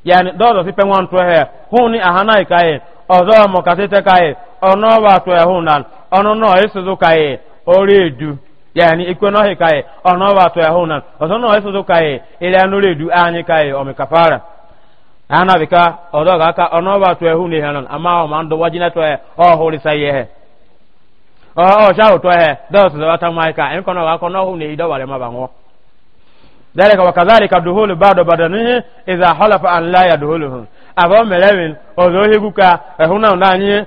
يعني دو دو إبوان توه هوني أهنا كاي أذو مكاتيت كاي أنو باتوه هونان أنو نو إسدو كاي أريدو yani ikwe no hikaye ono watu ya hunan osono esozo kaye ile anule du anyi kaye omekafara ana bika odo ga ka ono ba to ehu ni hanan ama o man do wajina to e o hori saye he o o sha o to he do so da ta mai ka en kono wa kono hu ni do wale ma bango dalika wakadhalika duhulu bado badanihi idha halafa an la yadhuluhu abo melewin ozo higuka ehuna unanyi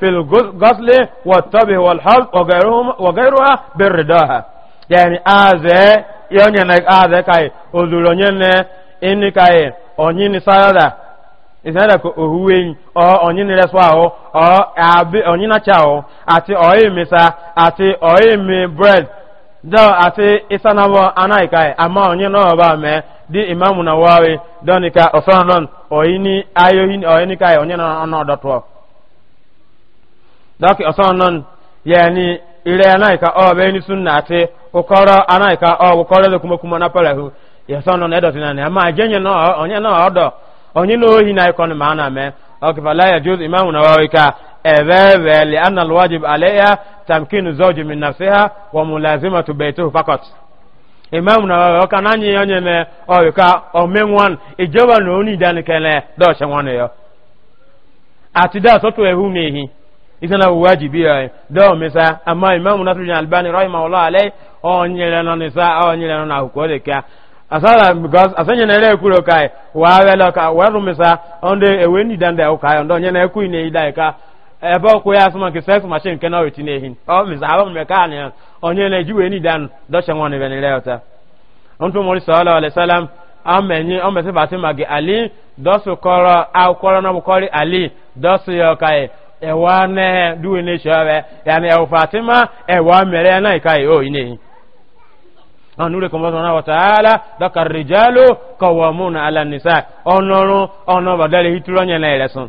في الغسل والطبع والحلق وغيرها بالرداها يعني آذى يوني نك آذى كاي أذولوني نه إني كاي أني onye ìsẹ́lẹ̀ kò òhúwé yìí ọ ọ̀nyí ni lẹ́sọ́ àwọ́ ọ àbí ọ̀nyí náà àwọ́ àti ọ̀yí bread dọ́ àti ìsànàwọ̀ anáìka ẹ̀ àmọ́ ọ̀nyí náà di ìmáàmù náà wáwé dọ́nìka ọ̀sán náà ọ̀yí ní dɔki ɔsɔn nɔn yɛni ire anaika ɔ bɛ ni sun naate kɔkɔrɔ anaika ɔ kɔkɔrɔ de kuma kuma na pɛlɛ hu yɛsɔn nɔn ɛdɔ tina ni ama jɛnyɛ n'o onye nɔ na ikɔ ma maa na mɛ ɔki fala yɛ jose imamu na wawi ka ebe li min nafsiha wa mulazimatu na na oni isana wajibi ya do misa amma imam nasruddin albani rahimahullah alai onyere no nisa onyere no na ko de ka asala because asanya na ele kuro kai wa ka waru misa onde ewe ni dande o kai ondo nyene ku ni ida ka ebe ko ya suma ke sex machine na weti nehin o misa aba me ka ne onye na jiwe ni dan do shen won be ni leota onto mo sallallahu alaihi wasallam amenyi o mese batima ge ali do su na ali do ẹwà nẹ duwe ne sọ ẹ yanni ẹwà fatima ẹwà mẹrẹ náà ẹka yìí oyin ne yìí. ọ̀nà ìlú kọ̀mọ́tò náà wọ́n sàálà dọ́kà rìjálù kọ̀wọ́mù nà alànìsà ọ̀nà ọ̀nà ọ̀bọ̀dá lè hitúrọ̀ yẹn náà ẹ̀rẹ́sùn.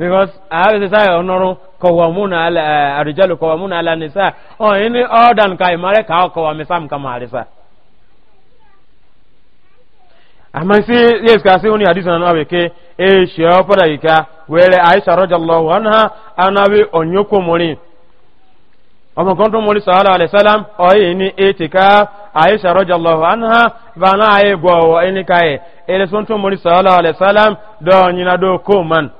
because abe sisa yɛ oh, ɔnɔrɔ kɔwɔmuna ala ɛɛ eh, arijalu kɔwɔmuna ala nisa ɔn oh, ini ɔdan oh, ka imare ka kɔwɔmisam kama alisa amansi yes kasi wani hadisi na nawe ke e shiyo pada yika wele aisha radiyallahu anha anabi onyoko mori ọmọ kan tó mori sallallahu alaihi wasallam ọyẹ ni etika aisha radiyallahu anha bana aye gbọwọ ẹni kaye ele sun tó mori sallallahu alaihi wasallam dọ nyina do ko man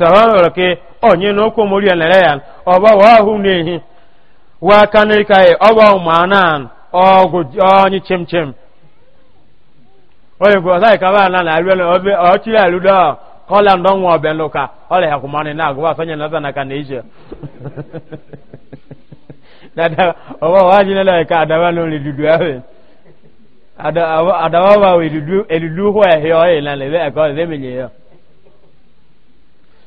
sahara ke onye na okwu mori elere ya ọba wa ahụ na-ehi wa aka na ịka ya ọba ụmụanan ọgụ onye chimchim onye gwọza ịka ba na na arịọla obe ọchịrị alụdọ kọla ndọ nwa ọbịa lụka ọla ya kwụmanị na agụba sonye na na ka na ije ọba wa ji na ka adawa na olidudu ahụ adawa wa elidu hụ ehi ọhịa na lebe ẹkọ lebe menye ya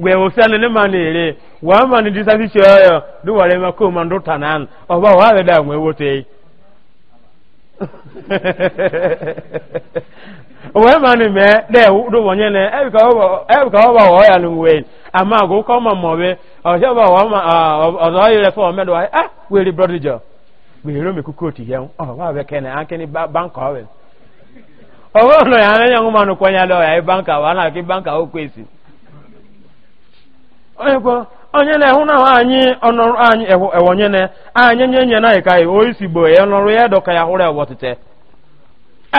wewosane ne manere wamani disasi choyo duwale makuma ndutanan oba wawe da mwewote wemani me de duwonyene ebika oba ebika oba woya nwe ama go koma mobe ojoba wama ozoyele fo medo ah weli oh wawe kene ankeni bank owe oba no manu banka wana ki banka onye na-ehụ na anyị ọnọrụ anyị ewonye na anyị nye nye na ịka o isi gboo ya ọnọrụ ya dọka ya hụrụ ewọtite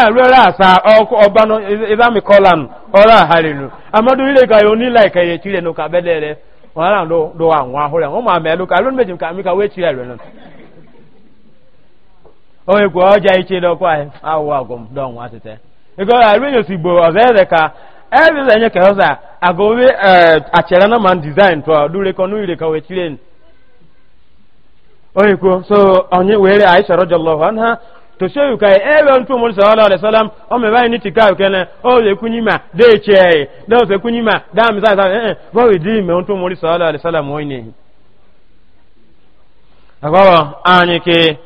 alwere asa ọkụ ọbanụ izami kọlan ọrụ aharịnu amadu ile ka ya onile ka ya chire n'ụka bedere ọhara ndụ dụwa nwa ahụrụ ya ụmụ amelu ka alụmbeji nke amika wee chire renu onye kwa ọja iche dọkwa ahụ agụm dọnwa tete ịgọrọ alwenye osigbo ọzọ eze ka everything you can say I go away a e, chelana man design to do reconu ile ka wechilen oyiko so onye were Aisha radhiyallahu anha to show you kai ewe ntu mu sallallahu alaihi wasallam o me bai ni tika o kene o le kunyima de che na se kunyima da mi sa sa eh e, what we do me ntu mu sallallahu alaihi wasallam o ni agbawa anyi ke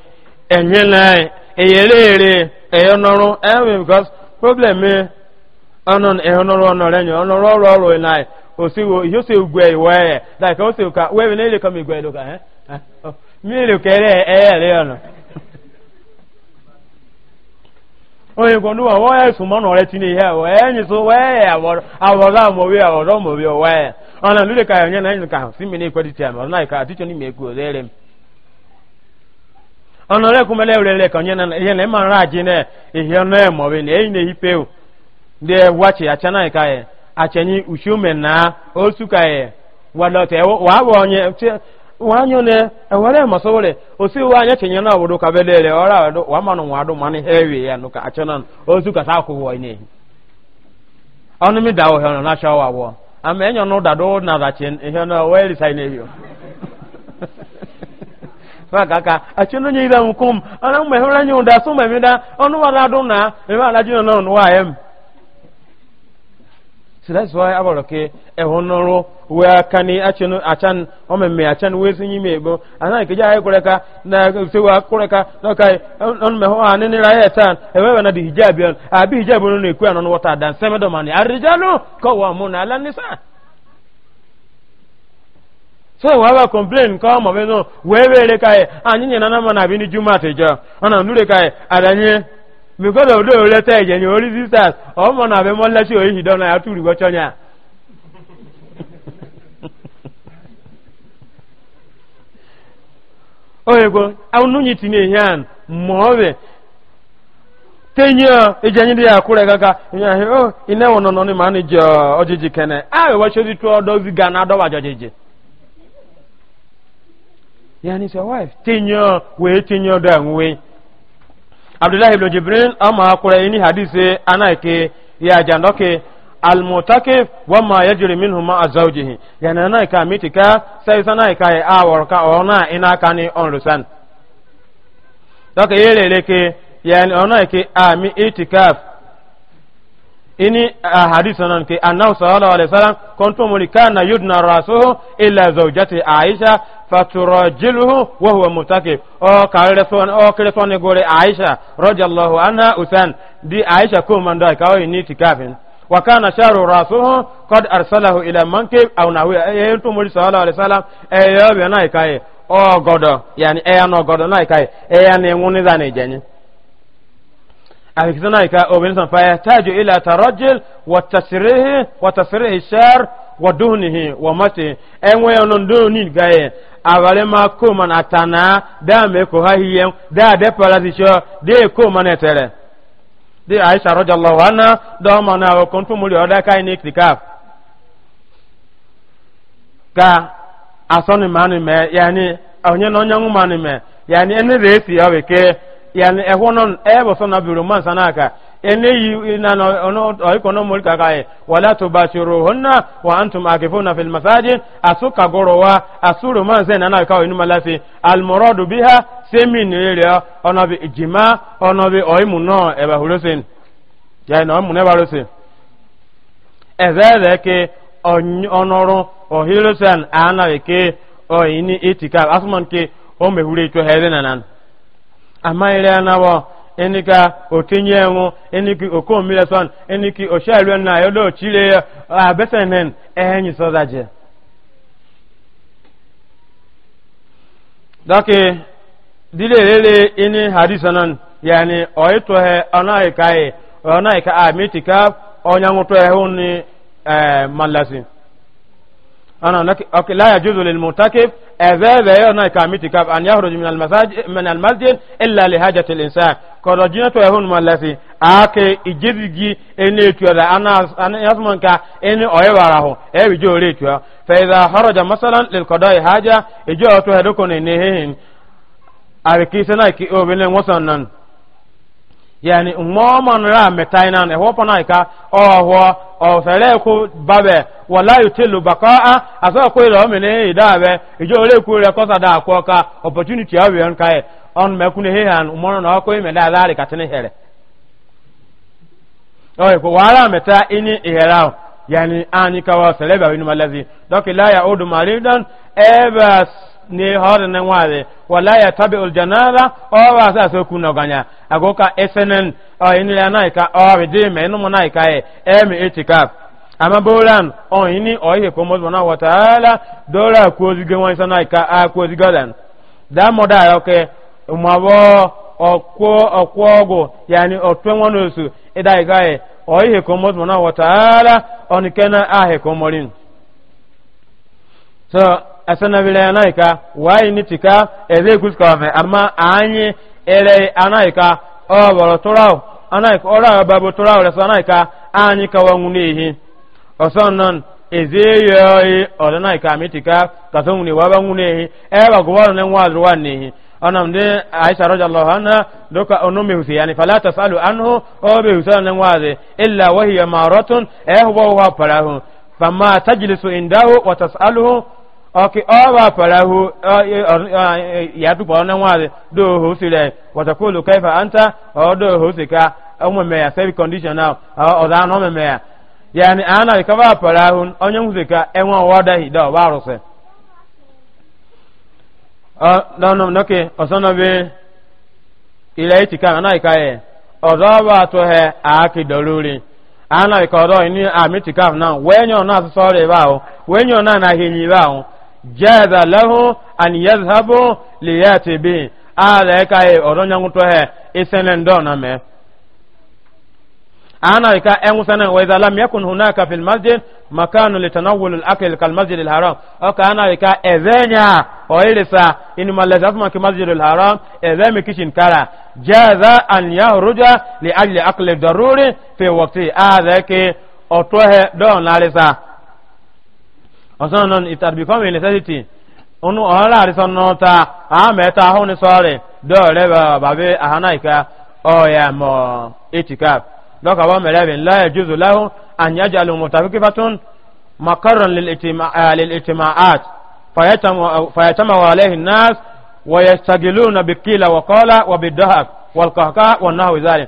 enye na eyelere eyonoro ewe because problem e, anon ehonoro onorenyo onoro oro oro na osiwo yose ugwe iwe like ose ka we ne ile igwe eluka eh mi ile kere eh le ono oye gondo wa wa yesu mo no re tini he o enyi so we aworo aworo mo we aworo ona lule ka yonya na nyuka si mi ka aticho ni olere ka na ihe na ma ihe na de wachi achana kaye achenyi ushume na osukaye walote e, wa wonye wanyo ne ewere masowore osi wanya anya chenye na obodo kabelele ora odo wa manu wado mani hewe ya nuka achana osuka ta ku wo ine onu mi dawo hono na shawa wo ama enyo no dado na da chen ihe na weli sai ne yo fa kaka achana nyi da mukum ana mehora nyi da so memi da onu wa dado na e ma la jino no wa em so that's why abọrọ ke ẹhọ nọrọ wee aka ni achan achan ọmemme achan wee si nyime ebo anaghị keje ahụ kụrịka na sewa kụrịka na ọka ọnụmehụ ha nịnịrị ahụ etan ewewe eh, na di hijab ya abi ah, hijab nọ na-ekwu ya n'ọnụ wọta dan semedọmani arijanụ kọwa mụ na ala nisa so wee ba complain ka ọ mọbe nọ wee were ka anyị ah, nyere na nama na abi ni jumat ejọ ọ na nure ka anyị adanye because of the letter again, your resistance. Oh, man, I've been let you, he don't have to watch ya. Oh, you go, I will know you in a more. Ten year, a genuine Akuraga, oh, you never know any manager or Jiji Kenne. I watch you to all those Yeah, and wife. Ten abdullahi ibn jibril ama kura ini hadise ana ke ya jandoke almutakif wama yajri minhu ma azawjihi yana na ka mitika sai sana ka ya awar ka ona ina kani on rusan doka yeleleke yani ona ke ami itikaf ini a ah, hadisa nan ke annahu sallallahu alaihi wasallam kuntu mulikana yudna rasuhu illa zawjati aisha faturajiluhu wa huwa mutakib o kare son o kare son gore aisha radiyallahu anha usan di aisha ko man dai kawai ni tikafin wa kana sharu rasuhu qad arsalahu ila mankib aw nahu e, e, kuntu mulikana sallallahu alaihi wasallam e yo nai kai o godo yani e ya no godo nai kai e ya ne nguni zane jenye akisana ika obin san fa yahtaju ila tarajjul wa tasrihi wa tasrihi shar wa duhnihi wa mati enwe onon doni gaye avale ma ko man atana da me ko hahiye da de parasisho de ko man etere de aisha radhiyallahu anha do mana o kontu muri oda kai ni kikaf ka asoni mani me yani onye no mani me yani ene resi obeke yani ehonon ebo sona biru man sanaka eneyi inano ono eneyi mulka kai wala tubashiruhunna wa antum akifuna fil masajid asuka gorowa asuru man na kawo inu malasi al muradu biha semin ere ono bi ijima ono bi oimuno eba hulosin yani no mun eba hulosin ezere ke na ohilosan ana ke oini itikab ke o mehure to hedenanan amaghịrị ya nawọ enika otinye enwu eniki okomire son eniki oshaelwe na yodo chire ya abesenen ehenyi sodaje dọkị dilelele ini hadisanan yani oitohe ọnaghịkaghị e, ọnaghịka amitika onye nwụtọ ehu ni malasi ana okay, la yajuzu lil mutakif azaba yana ka mitikab an yakhruj min al masajid min al masjid illa li hajati al insan ko rajina to yahun malasi ake ijidigi ene tuara ana ana yasman ka ene oyewara ho e bi jore tuwa fa idha kharaja masalan lil qada'i haja ijo to hedoko ne nehin arikisana ki obele ngosan nan yani moman ra metaina ne hopa na ka oho o fere ku babe wala yutilu bakaa asa ko ro mi ne idabe ijo re ku re ko sada ko ka opportunity awe an kai on me ku ne he han umon na ko me da lari ka tene here oy ko wala meta ini ihrao yani ani ka wa seleba winu malazi donc la ya udu maridan ever ne hore ne ngwade wala ya tabi ul janaza o wa sa so ku no ganya agoka esenen o ini la nai ka o bi de me no nai ka e mi itikaf ama bolan o ini o ye ko mo na wa taala dola ku ozi ge wan sanai ka a ku ozi gadan da mo da yo ke umabo okwo okwogo yani otwenwa no su ida ga e o ye ko mo na wa taala onikena a he ko morin so asana vile anaika wai nitika eze kuska wame ama anyi ele anaika o bolo anaika ora babu turao lesa anaika anyi kawanguni ihi osonon eze yoi odanaika mitika katonguni wabanguni ihi eba kubalo ne ngwazu wani ihi anam de aisha radiyallahu anha doka onumi husi yani fala tasalu anhu o be husan ne ngwaze illa wahiya maratun ehwa wa palahu fama tajlisu indahu wa ọkị ọba farahu ya dukwa ọnụ nwaazị doho sire watakulu kaifa anta ọ doho sika ọmụme ya sebi kọndishọnal ọzọ anụ ọmụme ya yani ana ikaba farahu onye nwuzika enwe ọwa dahi da ọba arụsị ọnụ nọke ọsọnọbe ile ichika ana ikaye ọzọ ọba atụ ha aki dolori ana ikọrọ ini amị chika na wee nye ọna asụsọ ọrịa ebe ahụ wee nye ọna anaghị enyi ebe ahụ jaza lahu an yadhhabu liyati bi ala ka e odonya nguto he isene ndona me ana ka engu sana wa idha lam yakun hunaka fil masjid makanu litanawul al akl kal masjid al haram o ka ana ka ezenya o ilisa in malaza ma ki masjid al haram ezemi kishin kara jaza an yahruja li ajli akli daruri ọ̀sán náà it had become a necessity ọ̀nà ọ̀hánlá àrísàn náà ta àmẹ́ta ahóni sọ́ọ̀rẹ̀ dọ́ọ̀rẹ́ bàbá àhánáìka ọ̀yà mọ̀ etikap lọ́kà wọ́n mẹ́rẹ́bìn láyé jùzù láhùn àyájá lòmù tàbíkífàtún makaron lil'itimaat fayatama wa alaihin nas wa yastagilu na bikila wa kola wa bidahak walkaka wa nahu zalin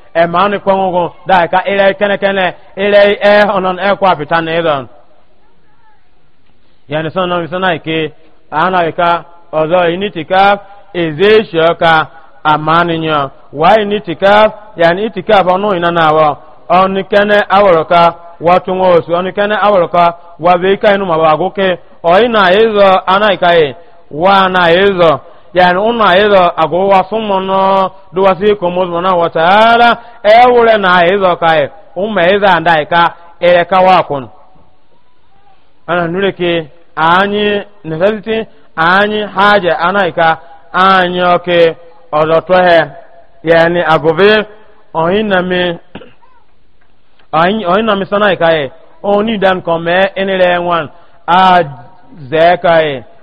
emaani kɔngɔgɔ daa ka ilẹ̀ kɛnɛkɛnɛ ilẹ̀ ɛ e ɔnɔn ɛ e apita ne dɔn yanni sɔnna mi sɔnna ke ana yi ka ɔzɔ ka eze ka amaani nyɔ waa ka ya i ka bɔ n'o yi kɛnɛ awɔrɔ ka wa osu ɔni kɛnɛ awɔrɔ ka wa bɛ ka ma wa ke e, na ana na yani una ido agowa sumono duwasi ko muzmana wa ta'ala e wule na ido kai umma ido andai ka ere ka wa kun ana nure ke anyi necessity anyi haje anaika anyi oke odoto he yani agobe oyina mi oyina mi sanaika e oni dan kome enire enwan a zekai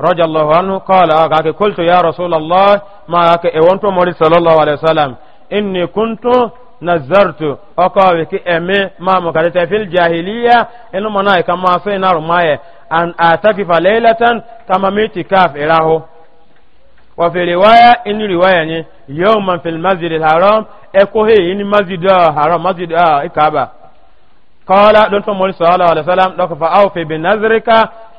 رضي الله عنه قال أكاك قلت يا رسول الله ما أكاك إيوانتو مولي صلى الله عليه وسلم إني كنت نظرت أكاك أمي ما مكادت في الجاهلية إنو مناي كما سينار ماي أن أتكف ليلة كما ميتي كاف إلهو وفي رواية إن رواية يوما في المسجد الحرام أكوهي إن مسجد حرام مسجد إكابة قال دونتو مولي صلى الله عليه وسلم لك فأوفي بنظرك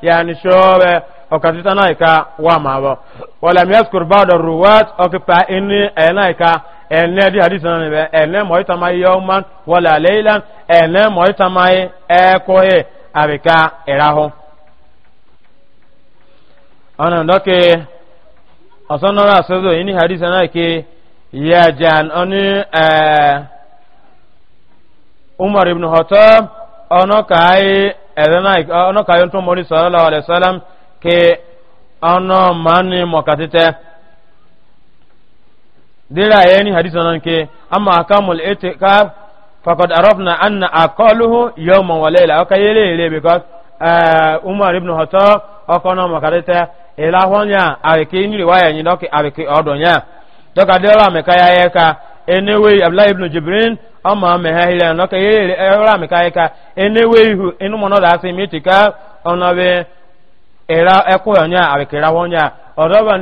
يعني شوه okatita naika wa mabo wala miaskur ba'da ruwat okpa inni enaika enne di hadith na be enne moita mai yawman wala laylan enne moita mai ekoye abika eraho ana ndoke asanara sezo ini hadith na ke ya jan oni eh umar ibn khattab ono kai ẹ̀rọ náà ọ̀nà kàyọ̀ tó mọ́rí sọ̀rọ̀ lọ́wọ́ alẹ́sọ́lám ke ọnọ mani mọkatite dira yeni hadisa nan ke amma akamul itikaf fakad arafna anna aqaluhu yawman wa layla aka yele yele because uh, umar ibn khattab akono mọkatite ila honya arike ni riwaya ni doki arike odonya doka dira me kaya yeka enewe abdullah ibn jibrin amma me hahila noka yele eh, yele ra me kaya ka enewe hu inu mono da asimi itikaf onawe era ekoya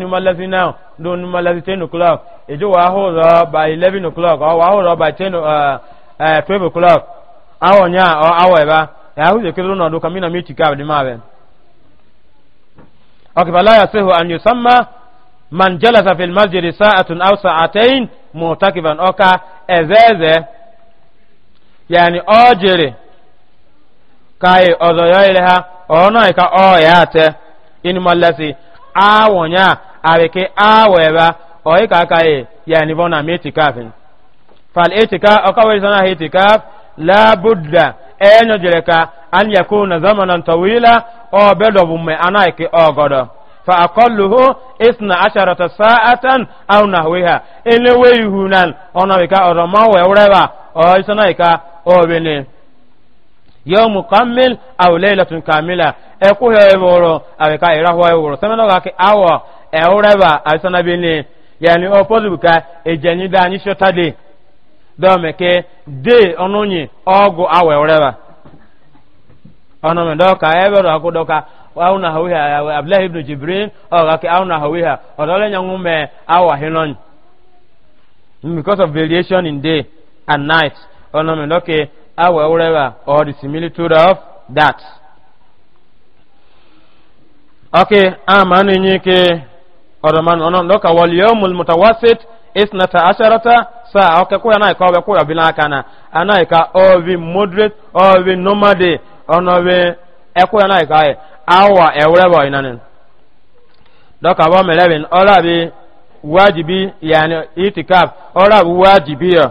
malazi malazi ten o'clock 11 o'clock o uh, uh, twelve o'clock ya hu zekiru no do kamina miti ka de mabe okay bala yasihu an yusamma man jalasa fil masjid sa'atun aw sa'atayn mu'takiban oka ezeze yani ojere ọ̀nà ìka ọ̀yà àtẹ inimọ̀lẹ́sì àwọ̀nyà àríkí àwẹ̀wà ọ̀yíkà káyè yà ẹnìbọn náà mi tìkáàfin fal etika ọkọ̀wé sọ́nà etikaf lábùdà ẹ̀yẹ́nyọ̀ jẹ̀rẹ̀ ka anyakú na zamanan tawila ọ̀bẹ̀dọ̀bùnmẹ̀ anáìkí ọ̀gọ̀dọ̀ fa akọluhu isna asharata sa'atan aw nahwiha ele weyuhunan ona wika ọ̀rọ̀ Yọọ yawmu kamil aw laylatun kamila e ku he woro awe ka ira e ho e woro sama no ga ke awo e ureba asana bini yani opposite ka ejeni da ni shotade do me ke de onunyi ogu awe ureba ono me do ka e woro aku do hawiha abdullah ibn Jibrin o ga ke auna hawiha o do le nyangu me awa hinon because of variation in day and night ono me awa ureba or the similitude of that okay amani nyike odoman onon doka wal yawmul mutawassit isnata asharata sa okay kuya na ikawe kuya bila kana anaika ovi moderate ovi nomade onovi ekuya na ikawe awa eureba inanen doka wa melevin olabi wajibi yani itikaf olabi wajibi ya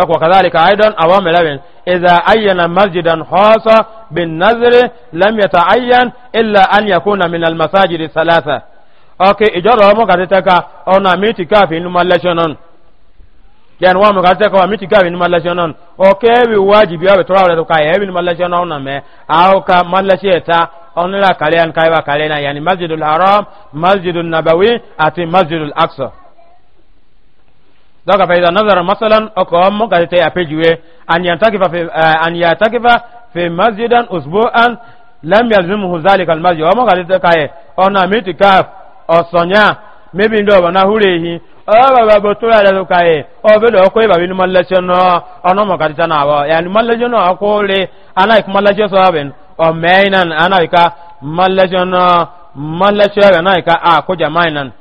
لك وكذلك أيضا أوام الأبن إذا أين مسجدا خاصا بالنظر لم يتعين إلا أن يكون من المساجد الثلاثة أوكي إجارة أمو قتتك أنا ميتي كافي نما لشنون جان وام قتتك أنا أوكي بي واجب تراو لتوكا يابي نما لشنون نما أوكا ملشي تا أنا لا كاليان كايوا كالينا يعني مسجد الحرام مسجد النبوي أتي مسجد الأقصى daga faida nazara masalan oko mo ga te apejiwe an yantakifa fi eh, an yatakifa fi masjidan usbu'an lam yalzimhu zalika al masjid mo ga te kae ona mitikaf osonya mebi ndo bana hurehi aba ba bo toya da kae o be do ko ba bin mallaje no ona mo ga te na ba yani mallaje no akole ana ik mallaje so aben o meinan ana ka mallaje no mallaje na ka a ko jamainan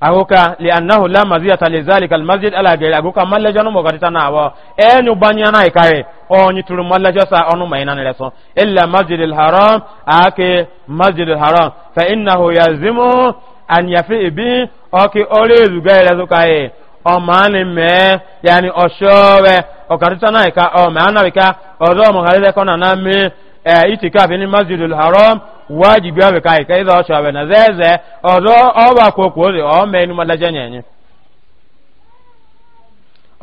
agoka liannahu la maziyata lidhalika almasjid ala gairi agoka mallaja no mogatita na awo enyu banyana ikare onyi turu mallaja sa onu maina ne so illa masjid alharam ake masjid alharam fa innahu yazimu an yafi bi oke orezu gaire so kai o mani me yani oshowe ogatita na ika o maana wika ozo mo halile kona na mi itikafi ní masjidul haram wajibi awe kai kai za shi awe na zeze ozo oba ko ko o me ni malaje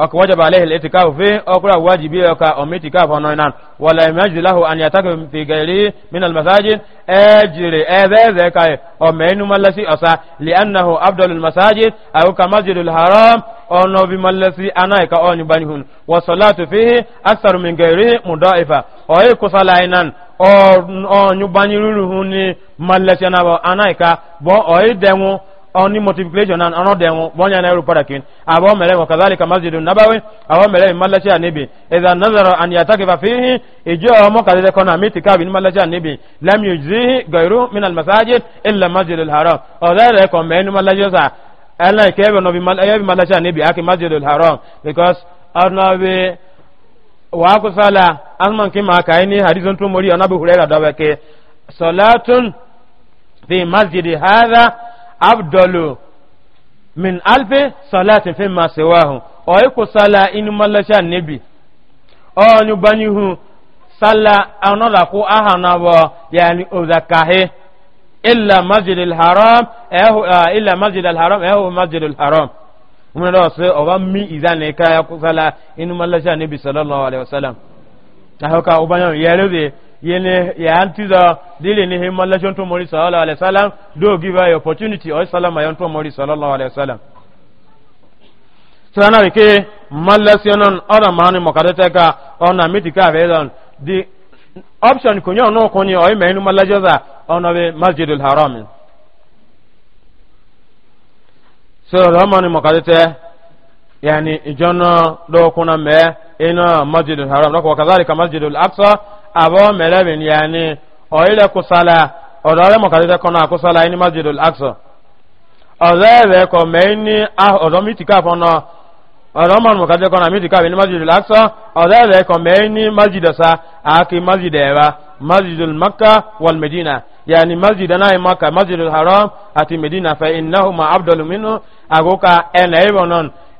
ọkọ̀ wọ́jọba aléhìl etikafu fi ọkùnrin wájibí ọka omitikafu ọ̀nà iná wọ̀lá ìmẹ́jì láhù àni àtàkì fi gẹ̀rí minal masajid ẹjìrì ẹ̀ẹ́zẹ̀ẹ́zẹ̀ ka ọmọ inú mallasi ọ̀sá li'annahu abdul masajid àwùka haram ọ̀nà bí mallasi anáìka ọ̀nyí banihun wọ̀sọ̀látù fi asar min gẹ̀rí mudọ́ kusala inan ọ̀nyí baniruruhun ni mallasi anáìka bọ́ ọ̀yí dẹ̀wọ̀n oni multiplication an ono demo bonya na rupada kin abo mere wa kadhalika masjidun nabawi abo mere mallachi anibi idha nazara an yatakifa fihi ijo mo kadhalika kona miti ka bin mallachi anibi lam yujzihi ghayru min al masajid illa masjid al haram o dare ko men mallachi sa ala kebe no bi mallachi anibi aki masjid al haram because arnabi wa ku sala asman kima kai ni hadithun tumori anabi hurera dawake salatun fi masjid hadha abdulu min alfi salati fi ma siwahu o iku sala inu malasha nebi o ni banihu sala anoda ku aha na bo yani uzakahe illa masjid al-haram ehu illa masjid al-haram ehu masjid al-haram mun do se o ba mi izane ka ya ku sala inu malasha nebi sallallahu alaihi wasallam ahoka ubanyan yerebe yene yantiza dile ni himalla jonto mori sallallahu alaihi wasallam do give a opportunity o salama yonto mori sallallahu alaihi wasallam sana wike mallasionon ora mani mokadeteka ona mitika vedon di option kunyo no kunyo o imenu mallajoza ona be masjidul haram so ramani mokadete yani ijono do kuna me ina masjidul haram lako wakadhalika masjidul aqsa abo melebin yani o ile kusala odore mo kadete kona kusala ini masjidul aqsa ozebe ko me ni ah odo mitika fono odo man mo kadete kona mitika ini masjidul aqsa ozebe ko me ni masjidasa aki masjideva masjidul makka wal medina yani masjid na makka masjidul haram ati medina fa innahuma abdul minhu agoka ene ibonon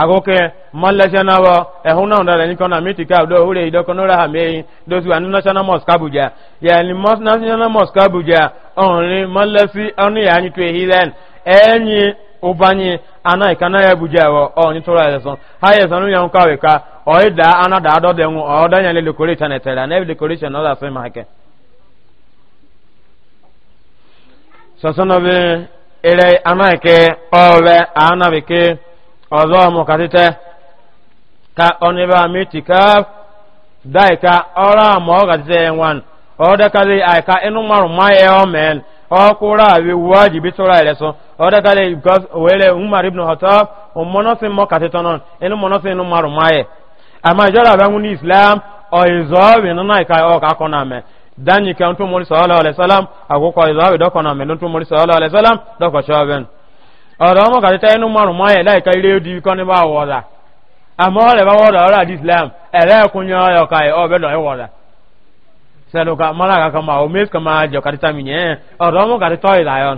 agoke mallashana wa ehuna eh, onda da nikona miti ka do hure ido kono ra hame do su anu national mosque abuja ya ni mos national mosque abuja only mallafi anu ya ni to hilen enyi ubanye ana ikana ya abuja wa onyi to ra leson ha ya sanu ya nka we ka oida ana da do de nwu oda nya le decoration etela na decoration oda fe make sasana be ere ana ke owe ana be ke ọzọ mụkatịte ka ọnịbe amitika daika ọrụ ama ọ gatịte ya nwan ọdekari aika ịnụ mmarụ mma ya omen ọkwụrụ abi wajibi tụrụ ile so ọdekari because wele umar ibn hotob mmonosi mọkatịtọ nọ ịnụ mmonosi ịnụ mmarụ mma ya ama ijọra abịa nwụ islam ọizọbi nọ na ika ọka akọ na ame danyi ka ntụ mmiri sọlọ alaihi salam agwụkwọ dọkọ na ame ntụ mmiri sọlọ alaihi salam dọkọ chọbenu ọ̀rọ̀ ọmọ kàtẹ́tẹ́ ẹnu márùn-ún ayẹ̀ láìka ilé odi kọ́ ní bá wọ́dà àmọ́ ọ̀rẹ́ bá wọ́dà ọ̀rọ̀ àdí islam ẹ̀rẹ́kùn yẹn ọ̀yọ̀ ka ẹ̀ ọ̀bẹ̀ lọ́yẹ̀ wọ́dà sẹ́nu ka mọ́lá kàkà máa omi kà máa jọ kàtẹ́tẹ́ mi yẹn ọ̀rọ̀ ọmọ kàtẹ́tẹ́ ìlà yọ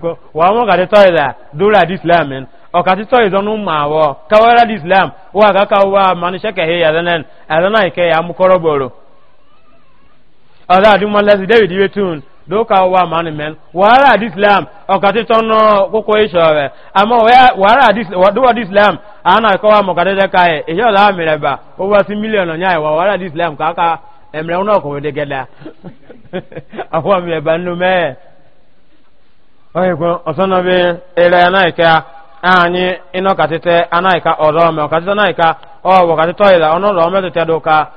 wà ọmọ kàtẹ́tẹ́ ìlà dúró àdí islam yẹn ọ̀kàtẹ́tẹ́ ìdánú máa wọ káwẹ́rẹ́ àdí islam wà kàkà wà mọ́nisẹ́kẹ̀ hẹ́yà ẹ̀rẹ́ náà ìkẹyà amúkọ́rọ́ bọ̀rọ̀ ọ̀rọ̀ àdúmọ́lẹ́sì david iwetun doka wa man men wara ad islam ọkati tọnọ koko isọrẹ ama wara islam do islam ana kọwa mọkadẹdẹ kaye eyi ọla amẹrẹ ba o wa si mílíọnù nyaa wa wara kaka ẹmẹrẹ wọn ọkọ wẹdẹ gẹdẹ afọ amẹrẹ ba nínú mẹẹ ọyẹ ana ọsọnà bi anyi iná katitẹ anáyíká ọdọ ọmọ ọkatitẹ doka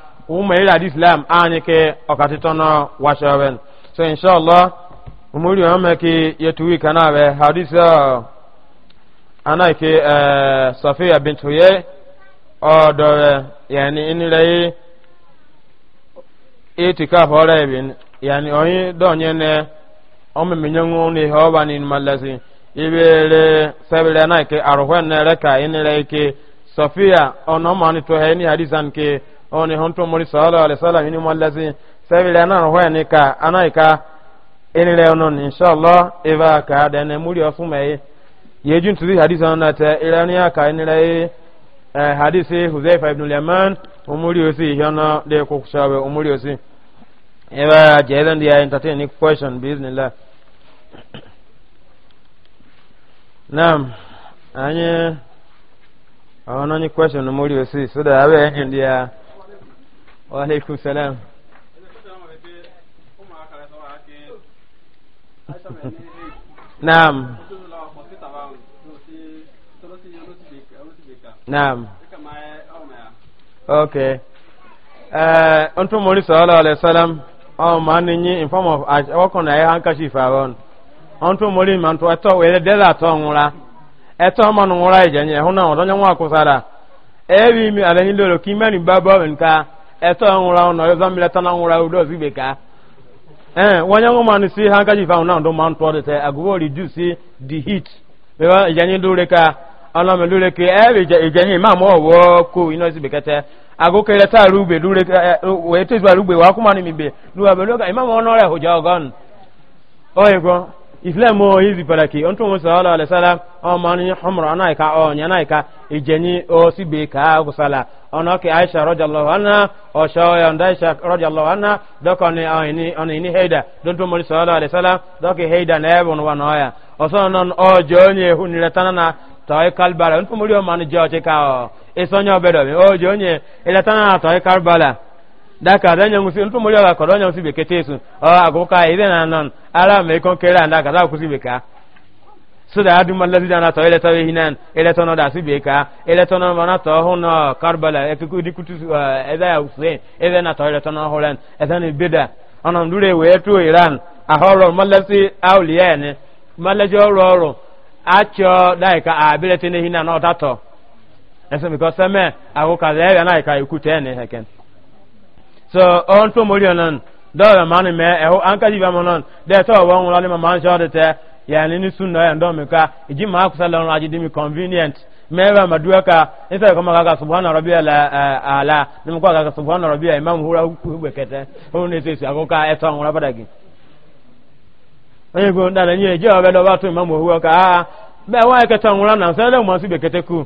so inshallah umuri wa maki yetuwi kana be hadisa ana ke eh safiya bint huye odo yani inire inilai itikaf ore bin yani oyin donye ne omi minyangu ni hoba ni malasi ibere sabile na ke arwen ne reka inire ke safiya ono mani to he ni hadisan ke oni honto muri sallallahu alaihi wasallam ni malasi sɛbili ana na hɔɛ ni ka ana yi ka enilɛ ɔnɔ ni inshallah eva ka dɛnɛ muri ɔfun mɛ ye yeju eh, tuli hadisi ɔnɔ na tɛ irani aka enilɛ ye ɛ hadisi huzaifa ibn lehman omuri osi yɔnɔ de koko sɔbɛ omuri osi eva jɛzɛn de ya entertain ni question biiznila naam anyi ɔnɔ ni question omuri osi so that abe ɛnyɛ de ya wa aleykum salaam. Naam. Naam. Okay. Uh, unto Mori sallallahu alaihi wasallam oh man in form of ash eh, what can I handkerchief around unto Mori man to ato we de la to nura eto man e, je nye hu na odonye nwa akusara eh, mi ala nka eto nura no yo zamile udo zibeka ee eh, wanyango man si handkerchief ahụ na ndụ ma ntụ ọdịta E reduce the heat bewa ijanye ndure ka ọlọmọ lure ka ebe ijanye ma mọ ko iná sí bekẹtẹ agókèrè tá rúgbè lure ka wèé tẹsíwá rúgbè wà kúmọ ní mi bè lúwà bẹ lóka ìmọ̀ ọ̀nà islam o hizi palaki onto musa sallallahu alaihi wasallam o mani humra anaika o nyanaika ijeni o si sibe ka gusala onoke aisha radhiyallahu anha o shawaya ndaisha radhiyallahu anha doko ni oni oni ni heida donto musa sallallahu alaihi wasallam doke heida na ebon wanoya oso non o jonye hunire tanana tɔɔi kalbala onto muri o mani joche ka o isonyo bedo mi o jonye na, tanana tɔɔi kalbala daka adanya ngusi si muri aga ko adanya ngusi bekete su ala agoka ile na nan ala me kon anda ka ku si beka so da adu malazi dana to ile tawe hinan ile si beka ile to no mana to ho no karbala e ku di kutu eh, ya usen na to ile to no ni beda we to iran awliya eh, ne oro oro acho dai ka hinan ka so on to moriyanan dole mani me eho an kaji ba monon de to won wala ma man de te yani ni ndo mi ka iji ma ku sallan convenient me ba maduwa ka isa ka subhana eh, ala ni ko ka subhana rabbiyal imam hura ku eh, be kete o ne se se akoka e to won rabadagi onye go ndala ni je ba to imam hura ka ah be wa e, ke to won na se le mo si be kete ku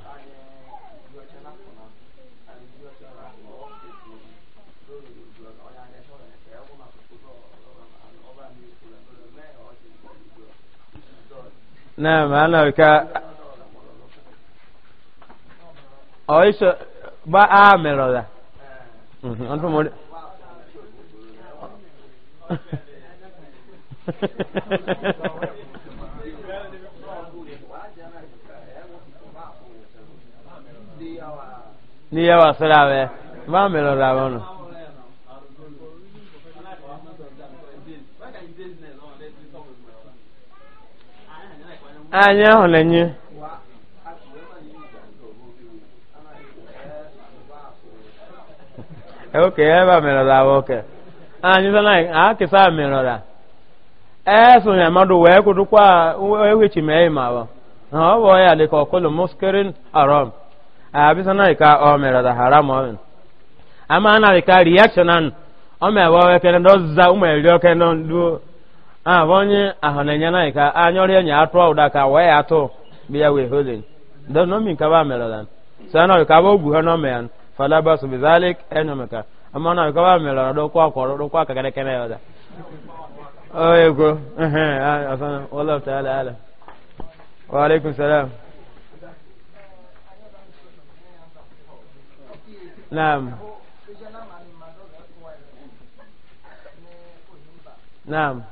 نعم أنا ك أيش بأعمل هذا أنت مول ni yawa sara b'a mɛn o la a bɛ n nɔ. anyị ahụ lenye oke ebe a merọla ahụ oke anyị zana akịsa merọla eso ya mmadụ wee kwụdụkwa ewechi mee ma ọ ọ bụ ya dịka ọkụlụ muskerin haram abisana ka ọ merọla haram ọmịn ama anaghị ka reaction an ọ mewe ekele ndị ọzụza ụmụ eri oke ndị abonye ah, ahụ na ka anyori ah, enya atu ah, awuda ka we atu biya we holen don no min ka ba melodan sana ka ba bu hono men fala basu bizalik eno meka amma na ka ba melodan do kwa kwa do kwa ka kene kene yoda oye ko eh asana wallahu ta'ala ala wa alaikum salam naam naam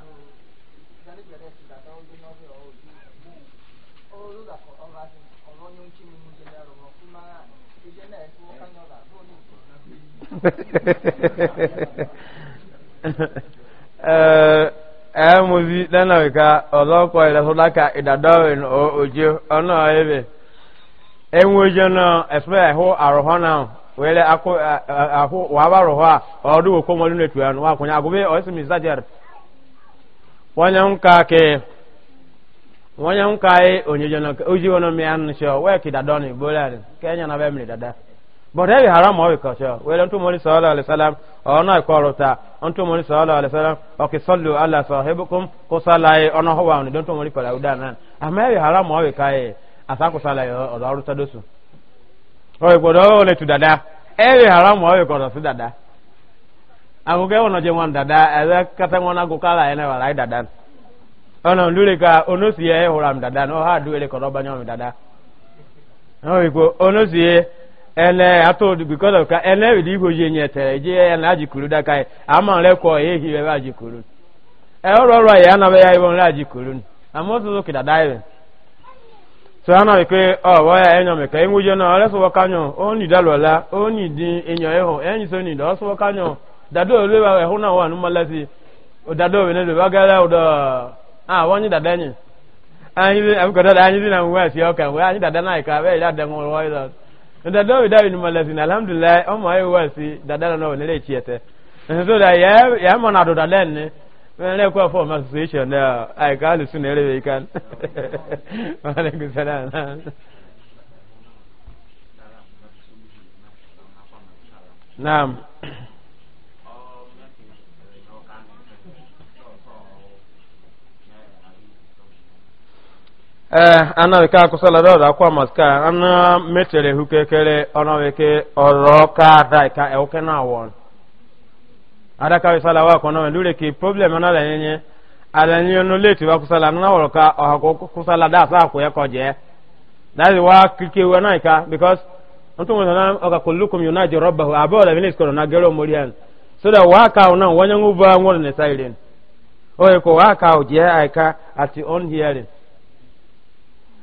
ee eh, muzi ka ọzọ kọrọ sọdọ ka idadọrin ebe enweje na ẹsẹ ẹhụ arụhọ na wele akụ eh, eh, ahụ waba arụhọ a ọdụ okwu mọdụ na-etu ọsị mi zajar wọnye nka ke wọnye nka ye onyeje ọnụ anụ wee kidadọrin gbọlọ ya na bemiri dada but ebi haram ọ bikọ sọ wele ntumori sọlọ alisalam ọna ikọrọ ta ntumori sọọlọ alisalam ọkì sọlọ alasọ hebukum kusalaye ọna họwa ọni don tumori pẹlẹ awuda nan ama ebi haram ọ bikọ ye eh, asa kusalaye ọdọ ọrụ ta dosu ọ igbọdọ ọ letu dada ebi haram ọ bikọ dọsi dada agogo ẹwọn ọjọ wọn dada ẹbẹ kata wọn agụkọ ala yẹn wà láyé dada ọna ndúlẹ ka onosi yẹ ẹhùrà mi dada ọha adúlẹ kọdọ banyọ mi dada ọ igbọ onosi yẹ. ele atụrụ because of ka ele wili igwe ji enye tere ji ele ajikuru daka e, ya ama nrekọ ya ehi ebe ajikuru ọrụ ọrụ ya so ana ya enyo na ọrẹ sọwọ kanyo onyi enyo enyi e, so ni dọ sọwọ dado olewa ẹhu na wa dado wene do bagala ụdọ a wọnyi dada enyi na anyị dada nta dɔw bi da bi numu lɛsin alihamudulilayi ɔmu ayi wa si dada la n'o ne le tiɲɛ tɛ nso da yɛ yɛ na do da lɛ ni mɛ ne kɔ fɔ ma association dɛ ayi k'a lu sun yɛrɛ bɛ i kan maaleykum salaam. naam. ee eh, ana wike akwụsịla dọdọ akwa maska ana metere hukekere ọna wike ọrọ ka da ka ewuke na awọ adaka wisala wa kọna wen dure ki problem ana la nyenye ala nyenye no late wa kusala na wọrọ ka ọha kusala da sa ko yeko je that is why kike we na ka because ntu mo na oka kullukum yunaji rabbahu abola bilis ko na gero morian so da wa ka ona wonye nguba ngol ne siren o ko wa ka o je aika at on hearing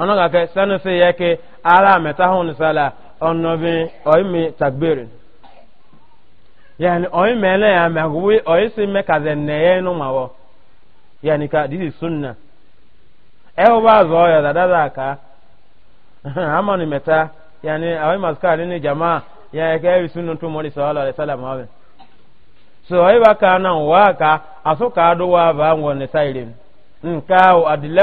ọ̀nà kàkẹ́ sẹ́nu sí yẹ kí ara mẹ́tàhùn sálà ọ̀nà bí ọ̀ìmí ya yẹni ọ̀ìmí si yà mẹ́ àgùwé ọ̀ìsí mẹ́kàzẹ̀ nẹ̀yẹ́ inú mà wọ́ yẹni ká dídì súnà ẹ wọ́n ya zọ ọ̀yọ̀ dàdádà ká amọ̀nì mẹ́ta yẹni ọ̀ìmí àsùkà nínú jama yẹni ká so ọ̀ìbá ká na wọ́ àká àsùkà àdúwà bá wọn ní sáìrè nǹka adile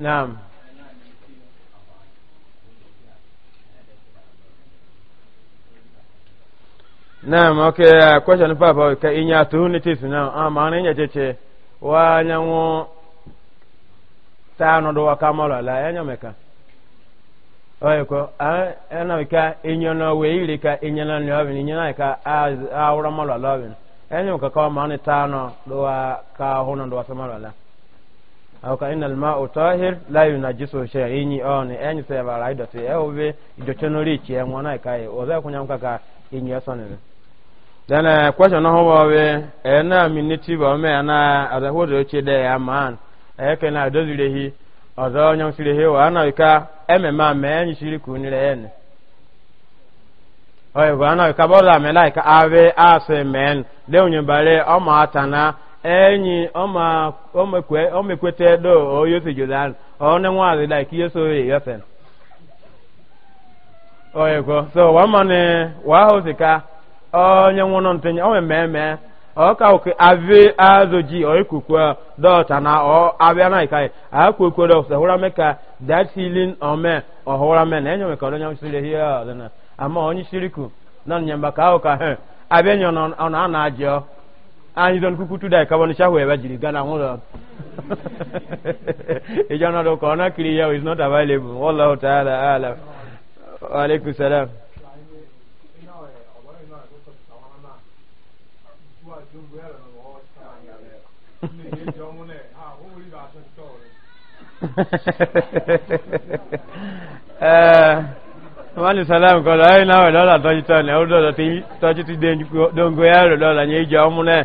نعم نعم اوكي question papa ka inya tunitis na ama nanya cheche wanya ngo tano do wakamala ka inyo ka na no avin inya na ka a awra mala lovin enyo ka ka ma ni ka la aw ka ina alma utahir la yunajisu shay'in on enyi se ba raido te e obe ijo chenori chi e ngona kai o za kunya mka ka inyi asone then uh, question na ho we e na miniti ba me na ada ho do de ya e ke na do zire hi ozo nyam sire he wa na ka eme ma me enyi sire ku ni re en oye wa na ka bo la me like ave ase men de onye bare o atana enyi omekwete edo o yose jodan one nwazi like yeso ye yosen oyeko so wamane wahosika onye nwụrụ ntenye onwe mmemme ọka oke ave azoji oikukwe dọta na ọ abịa na ikai akwokwere ọsahụra meka that healing ome ọhụrụ me na enye mekọrọ onye siri ihe ọdịna ama onye siriku na nyemba ka ahụ ka he abịa enyo na ọ na-ajọ anyị don kuku tuda ka wani shahu ebe jiri gana nwụrụ ija na ka ọ nakiri ya is not available wallahu ta'ala ala wa alaikum salam eh, wani salam kọlọ ayi na wẹ lọla tọjú tọ ní ọdún tọjú ti dé lọla ní ìjọ ọmú náà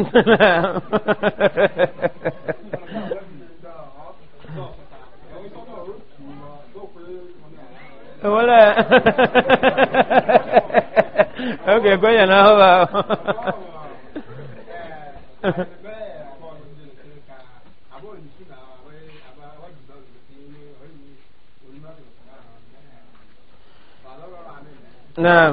wala ok gbẹ́yẹ̀ náà ó bá Naam.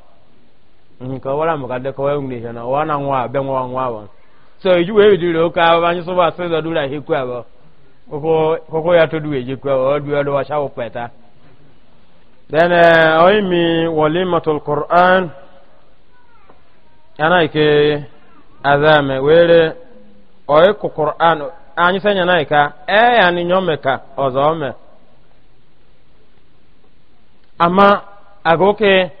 nka wala mu kadde ko wayungne jana wana ngwa be ngwa ngwa wa so iju we ju lo ka ba nyi so ba se do hiku abo koko koko ya to duwe je kwa o duwe do wa shawo peta then uh, eh, oimi walimatul qur'an yana ke azame were oy ku qur'an anyi senya naika e ya ni nyomeka ozome ama agoke okay.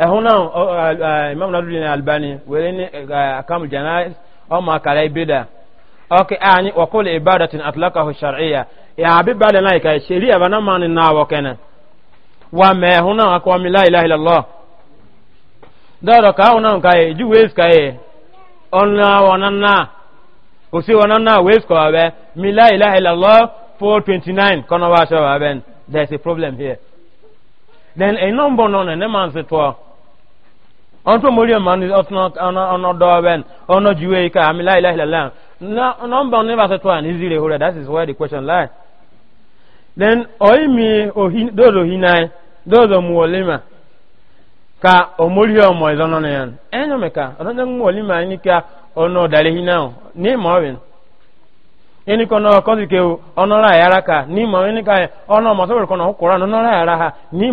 ɛhunan imam nadudin albani wele ni akamu janais ɔmo akara ibida ɔke anyi wakuli ibadatin atlakahu shar'iyya ya abi bada na ika shari'a ba na mani na wa kene wa me hunan akwa mi la ilaha illallah dɔdɔ ka hunan ka ye ju wes ka ye ɔnna wɔnan na osi wɔnan na wes ka wabɛ mi la ilaha illallah 429 kɔnɔ wa sɔ there is a problem here then a number nɔ na ne man se tɔ. ọtụ mori ma ndị ọnọdọben ọnọjiwe ike ami la ilaha illallah nọmba ndị basị tụwa na izire hụrụ that is where the question lie then oimi ohi dozo hinai dozo ka omori ọmọ ịzọnọ na ya enyo meka ka ọnọ dare hinai n'ime onora ka ni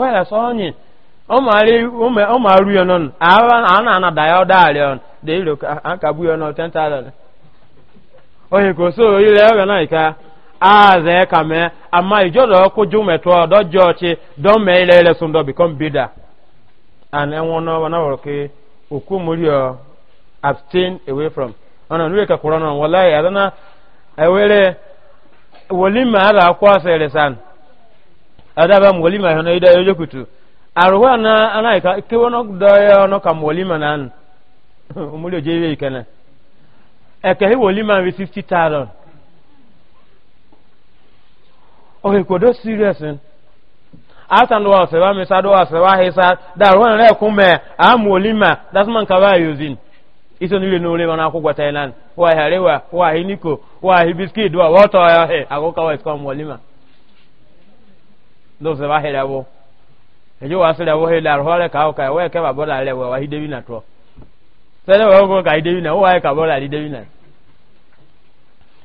wẹ́ẹ̀ sọ́ọ̀nyìn ọmọ arú yẹn nọ́nù àwọn àna dàyà ọ̀dà àrẹ ọ̀n dèyí lò ànkàbú yẹn nọ́ọ̀ ten thousand. kò sóò ilẹ̀ ọ̀rẹ́ náà ìka ààzẹ̀ ẹ̀ka mẹ́ àmà ìjọ́dọ̀ ọkọ̀jú mẹ́tọ́ ọ̀dọ́jọ́ ọ̀chẹ́ dọ́mẹ́ ilẹ̀ ilẹ̀ sundọ̀ become bidder. and ẹ̀wọ̀n náà wọn wọ̀rọ̀ pé òkú mórí ọ abstain away from ọ̀nà níwèé kakọ̀rọ̀ náà wọ́n láyé àdáná ẹ̀wẹ́rẹ́ wòlímà àrà akọ́ àṣẹ adaba mwalima yana ida yoyo kutu arwa na anaika kewo no doyo no kam walima nan umulio jewe ikana eke he walima we 50000 ohe ko do serious en ata ndo ase wa mi sado ase wa he sa da arwa na ku me am walima that's man ka ba using iso nile no le na akwụkwọ thailand wa harewa wa hiniko wa hibiscuit wa water ya he akwụkwọ wa is come do se ba hera bo ejo wa se bo hera ho le ka o ka we ke ba bo la le wa hi de na to se le wo ko ka hi de bi na wa ka bo la hi de na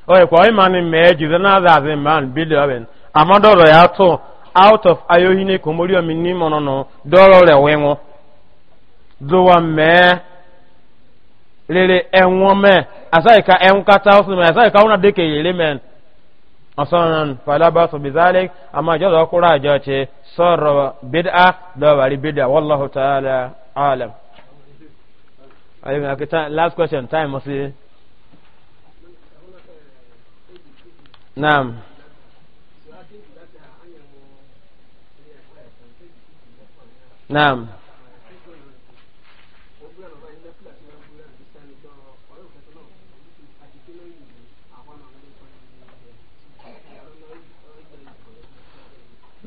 o e ko ma ni me ji na za ze man bi de ben amado ro ya to out of ayohi ne ko mori o mi ni mo no no do ro le we won do wa me lele enwon me asai ka enwon ka ta o se me asai ka una de ke lele men asanan falaba su bizalik amma jaza kura ajo ce sarra bid'a da bari bid'a wallahu ta'ala alam ayyuka kita last question time musu na'am na'am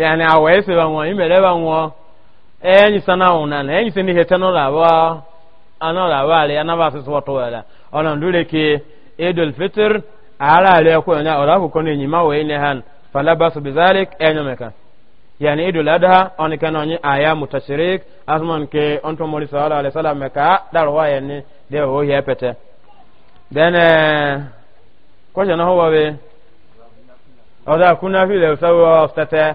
yani awese banwa imere banwa enyi sana unana enyi sini hetano ba, ano lawa ale anaba sesu watu wala ona ndule ki idul fitr ala ale ko na ora ko kono nyima we ne han fala basu bizalik enyo meka yani idul adha oni kan onyi aya mutashrik asman ke onto mori sallallahu alaihi wasallam meka darwa yani de ho yepete then eh ko jana ho wawe oda kuna file sawo stete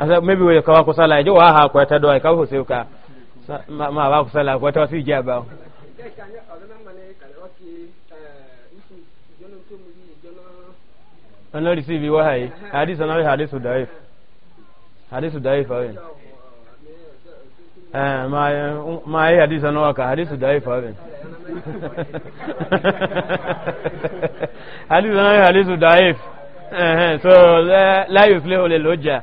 asa maybe wewe kawa kusala je wa ha kwa ta doa ka ho seuka ma ma wa kusala kwa ta si je ba ana receive wa hai Hadis, ana hadith daif hadith daif awe eh ma ma Hadis, ana waka hadith daif awe hadith ana Hadis, daif eh so la yuflihu lil hujja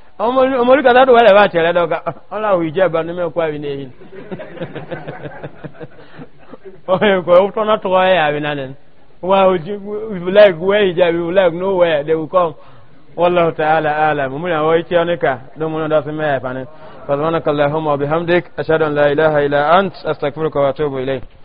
omori kata do wale ba chere do ka ola wi je ba nume kwa wi nehi oye ko to na to ya wi nanen wa oji we like where je we like nowhere they will come والله تعالى اعلم من اويتي انك دمنا داس ما يفعل سبحانك اللهم وبحمدك اشهد ان لا اله الا انت استغفرك واتوب اليك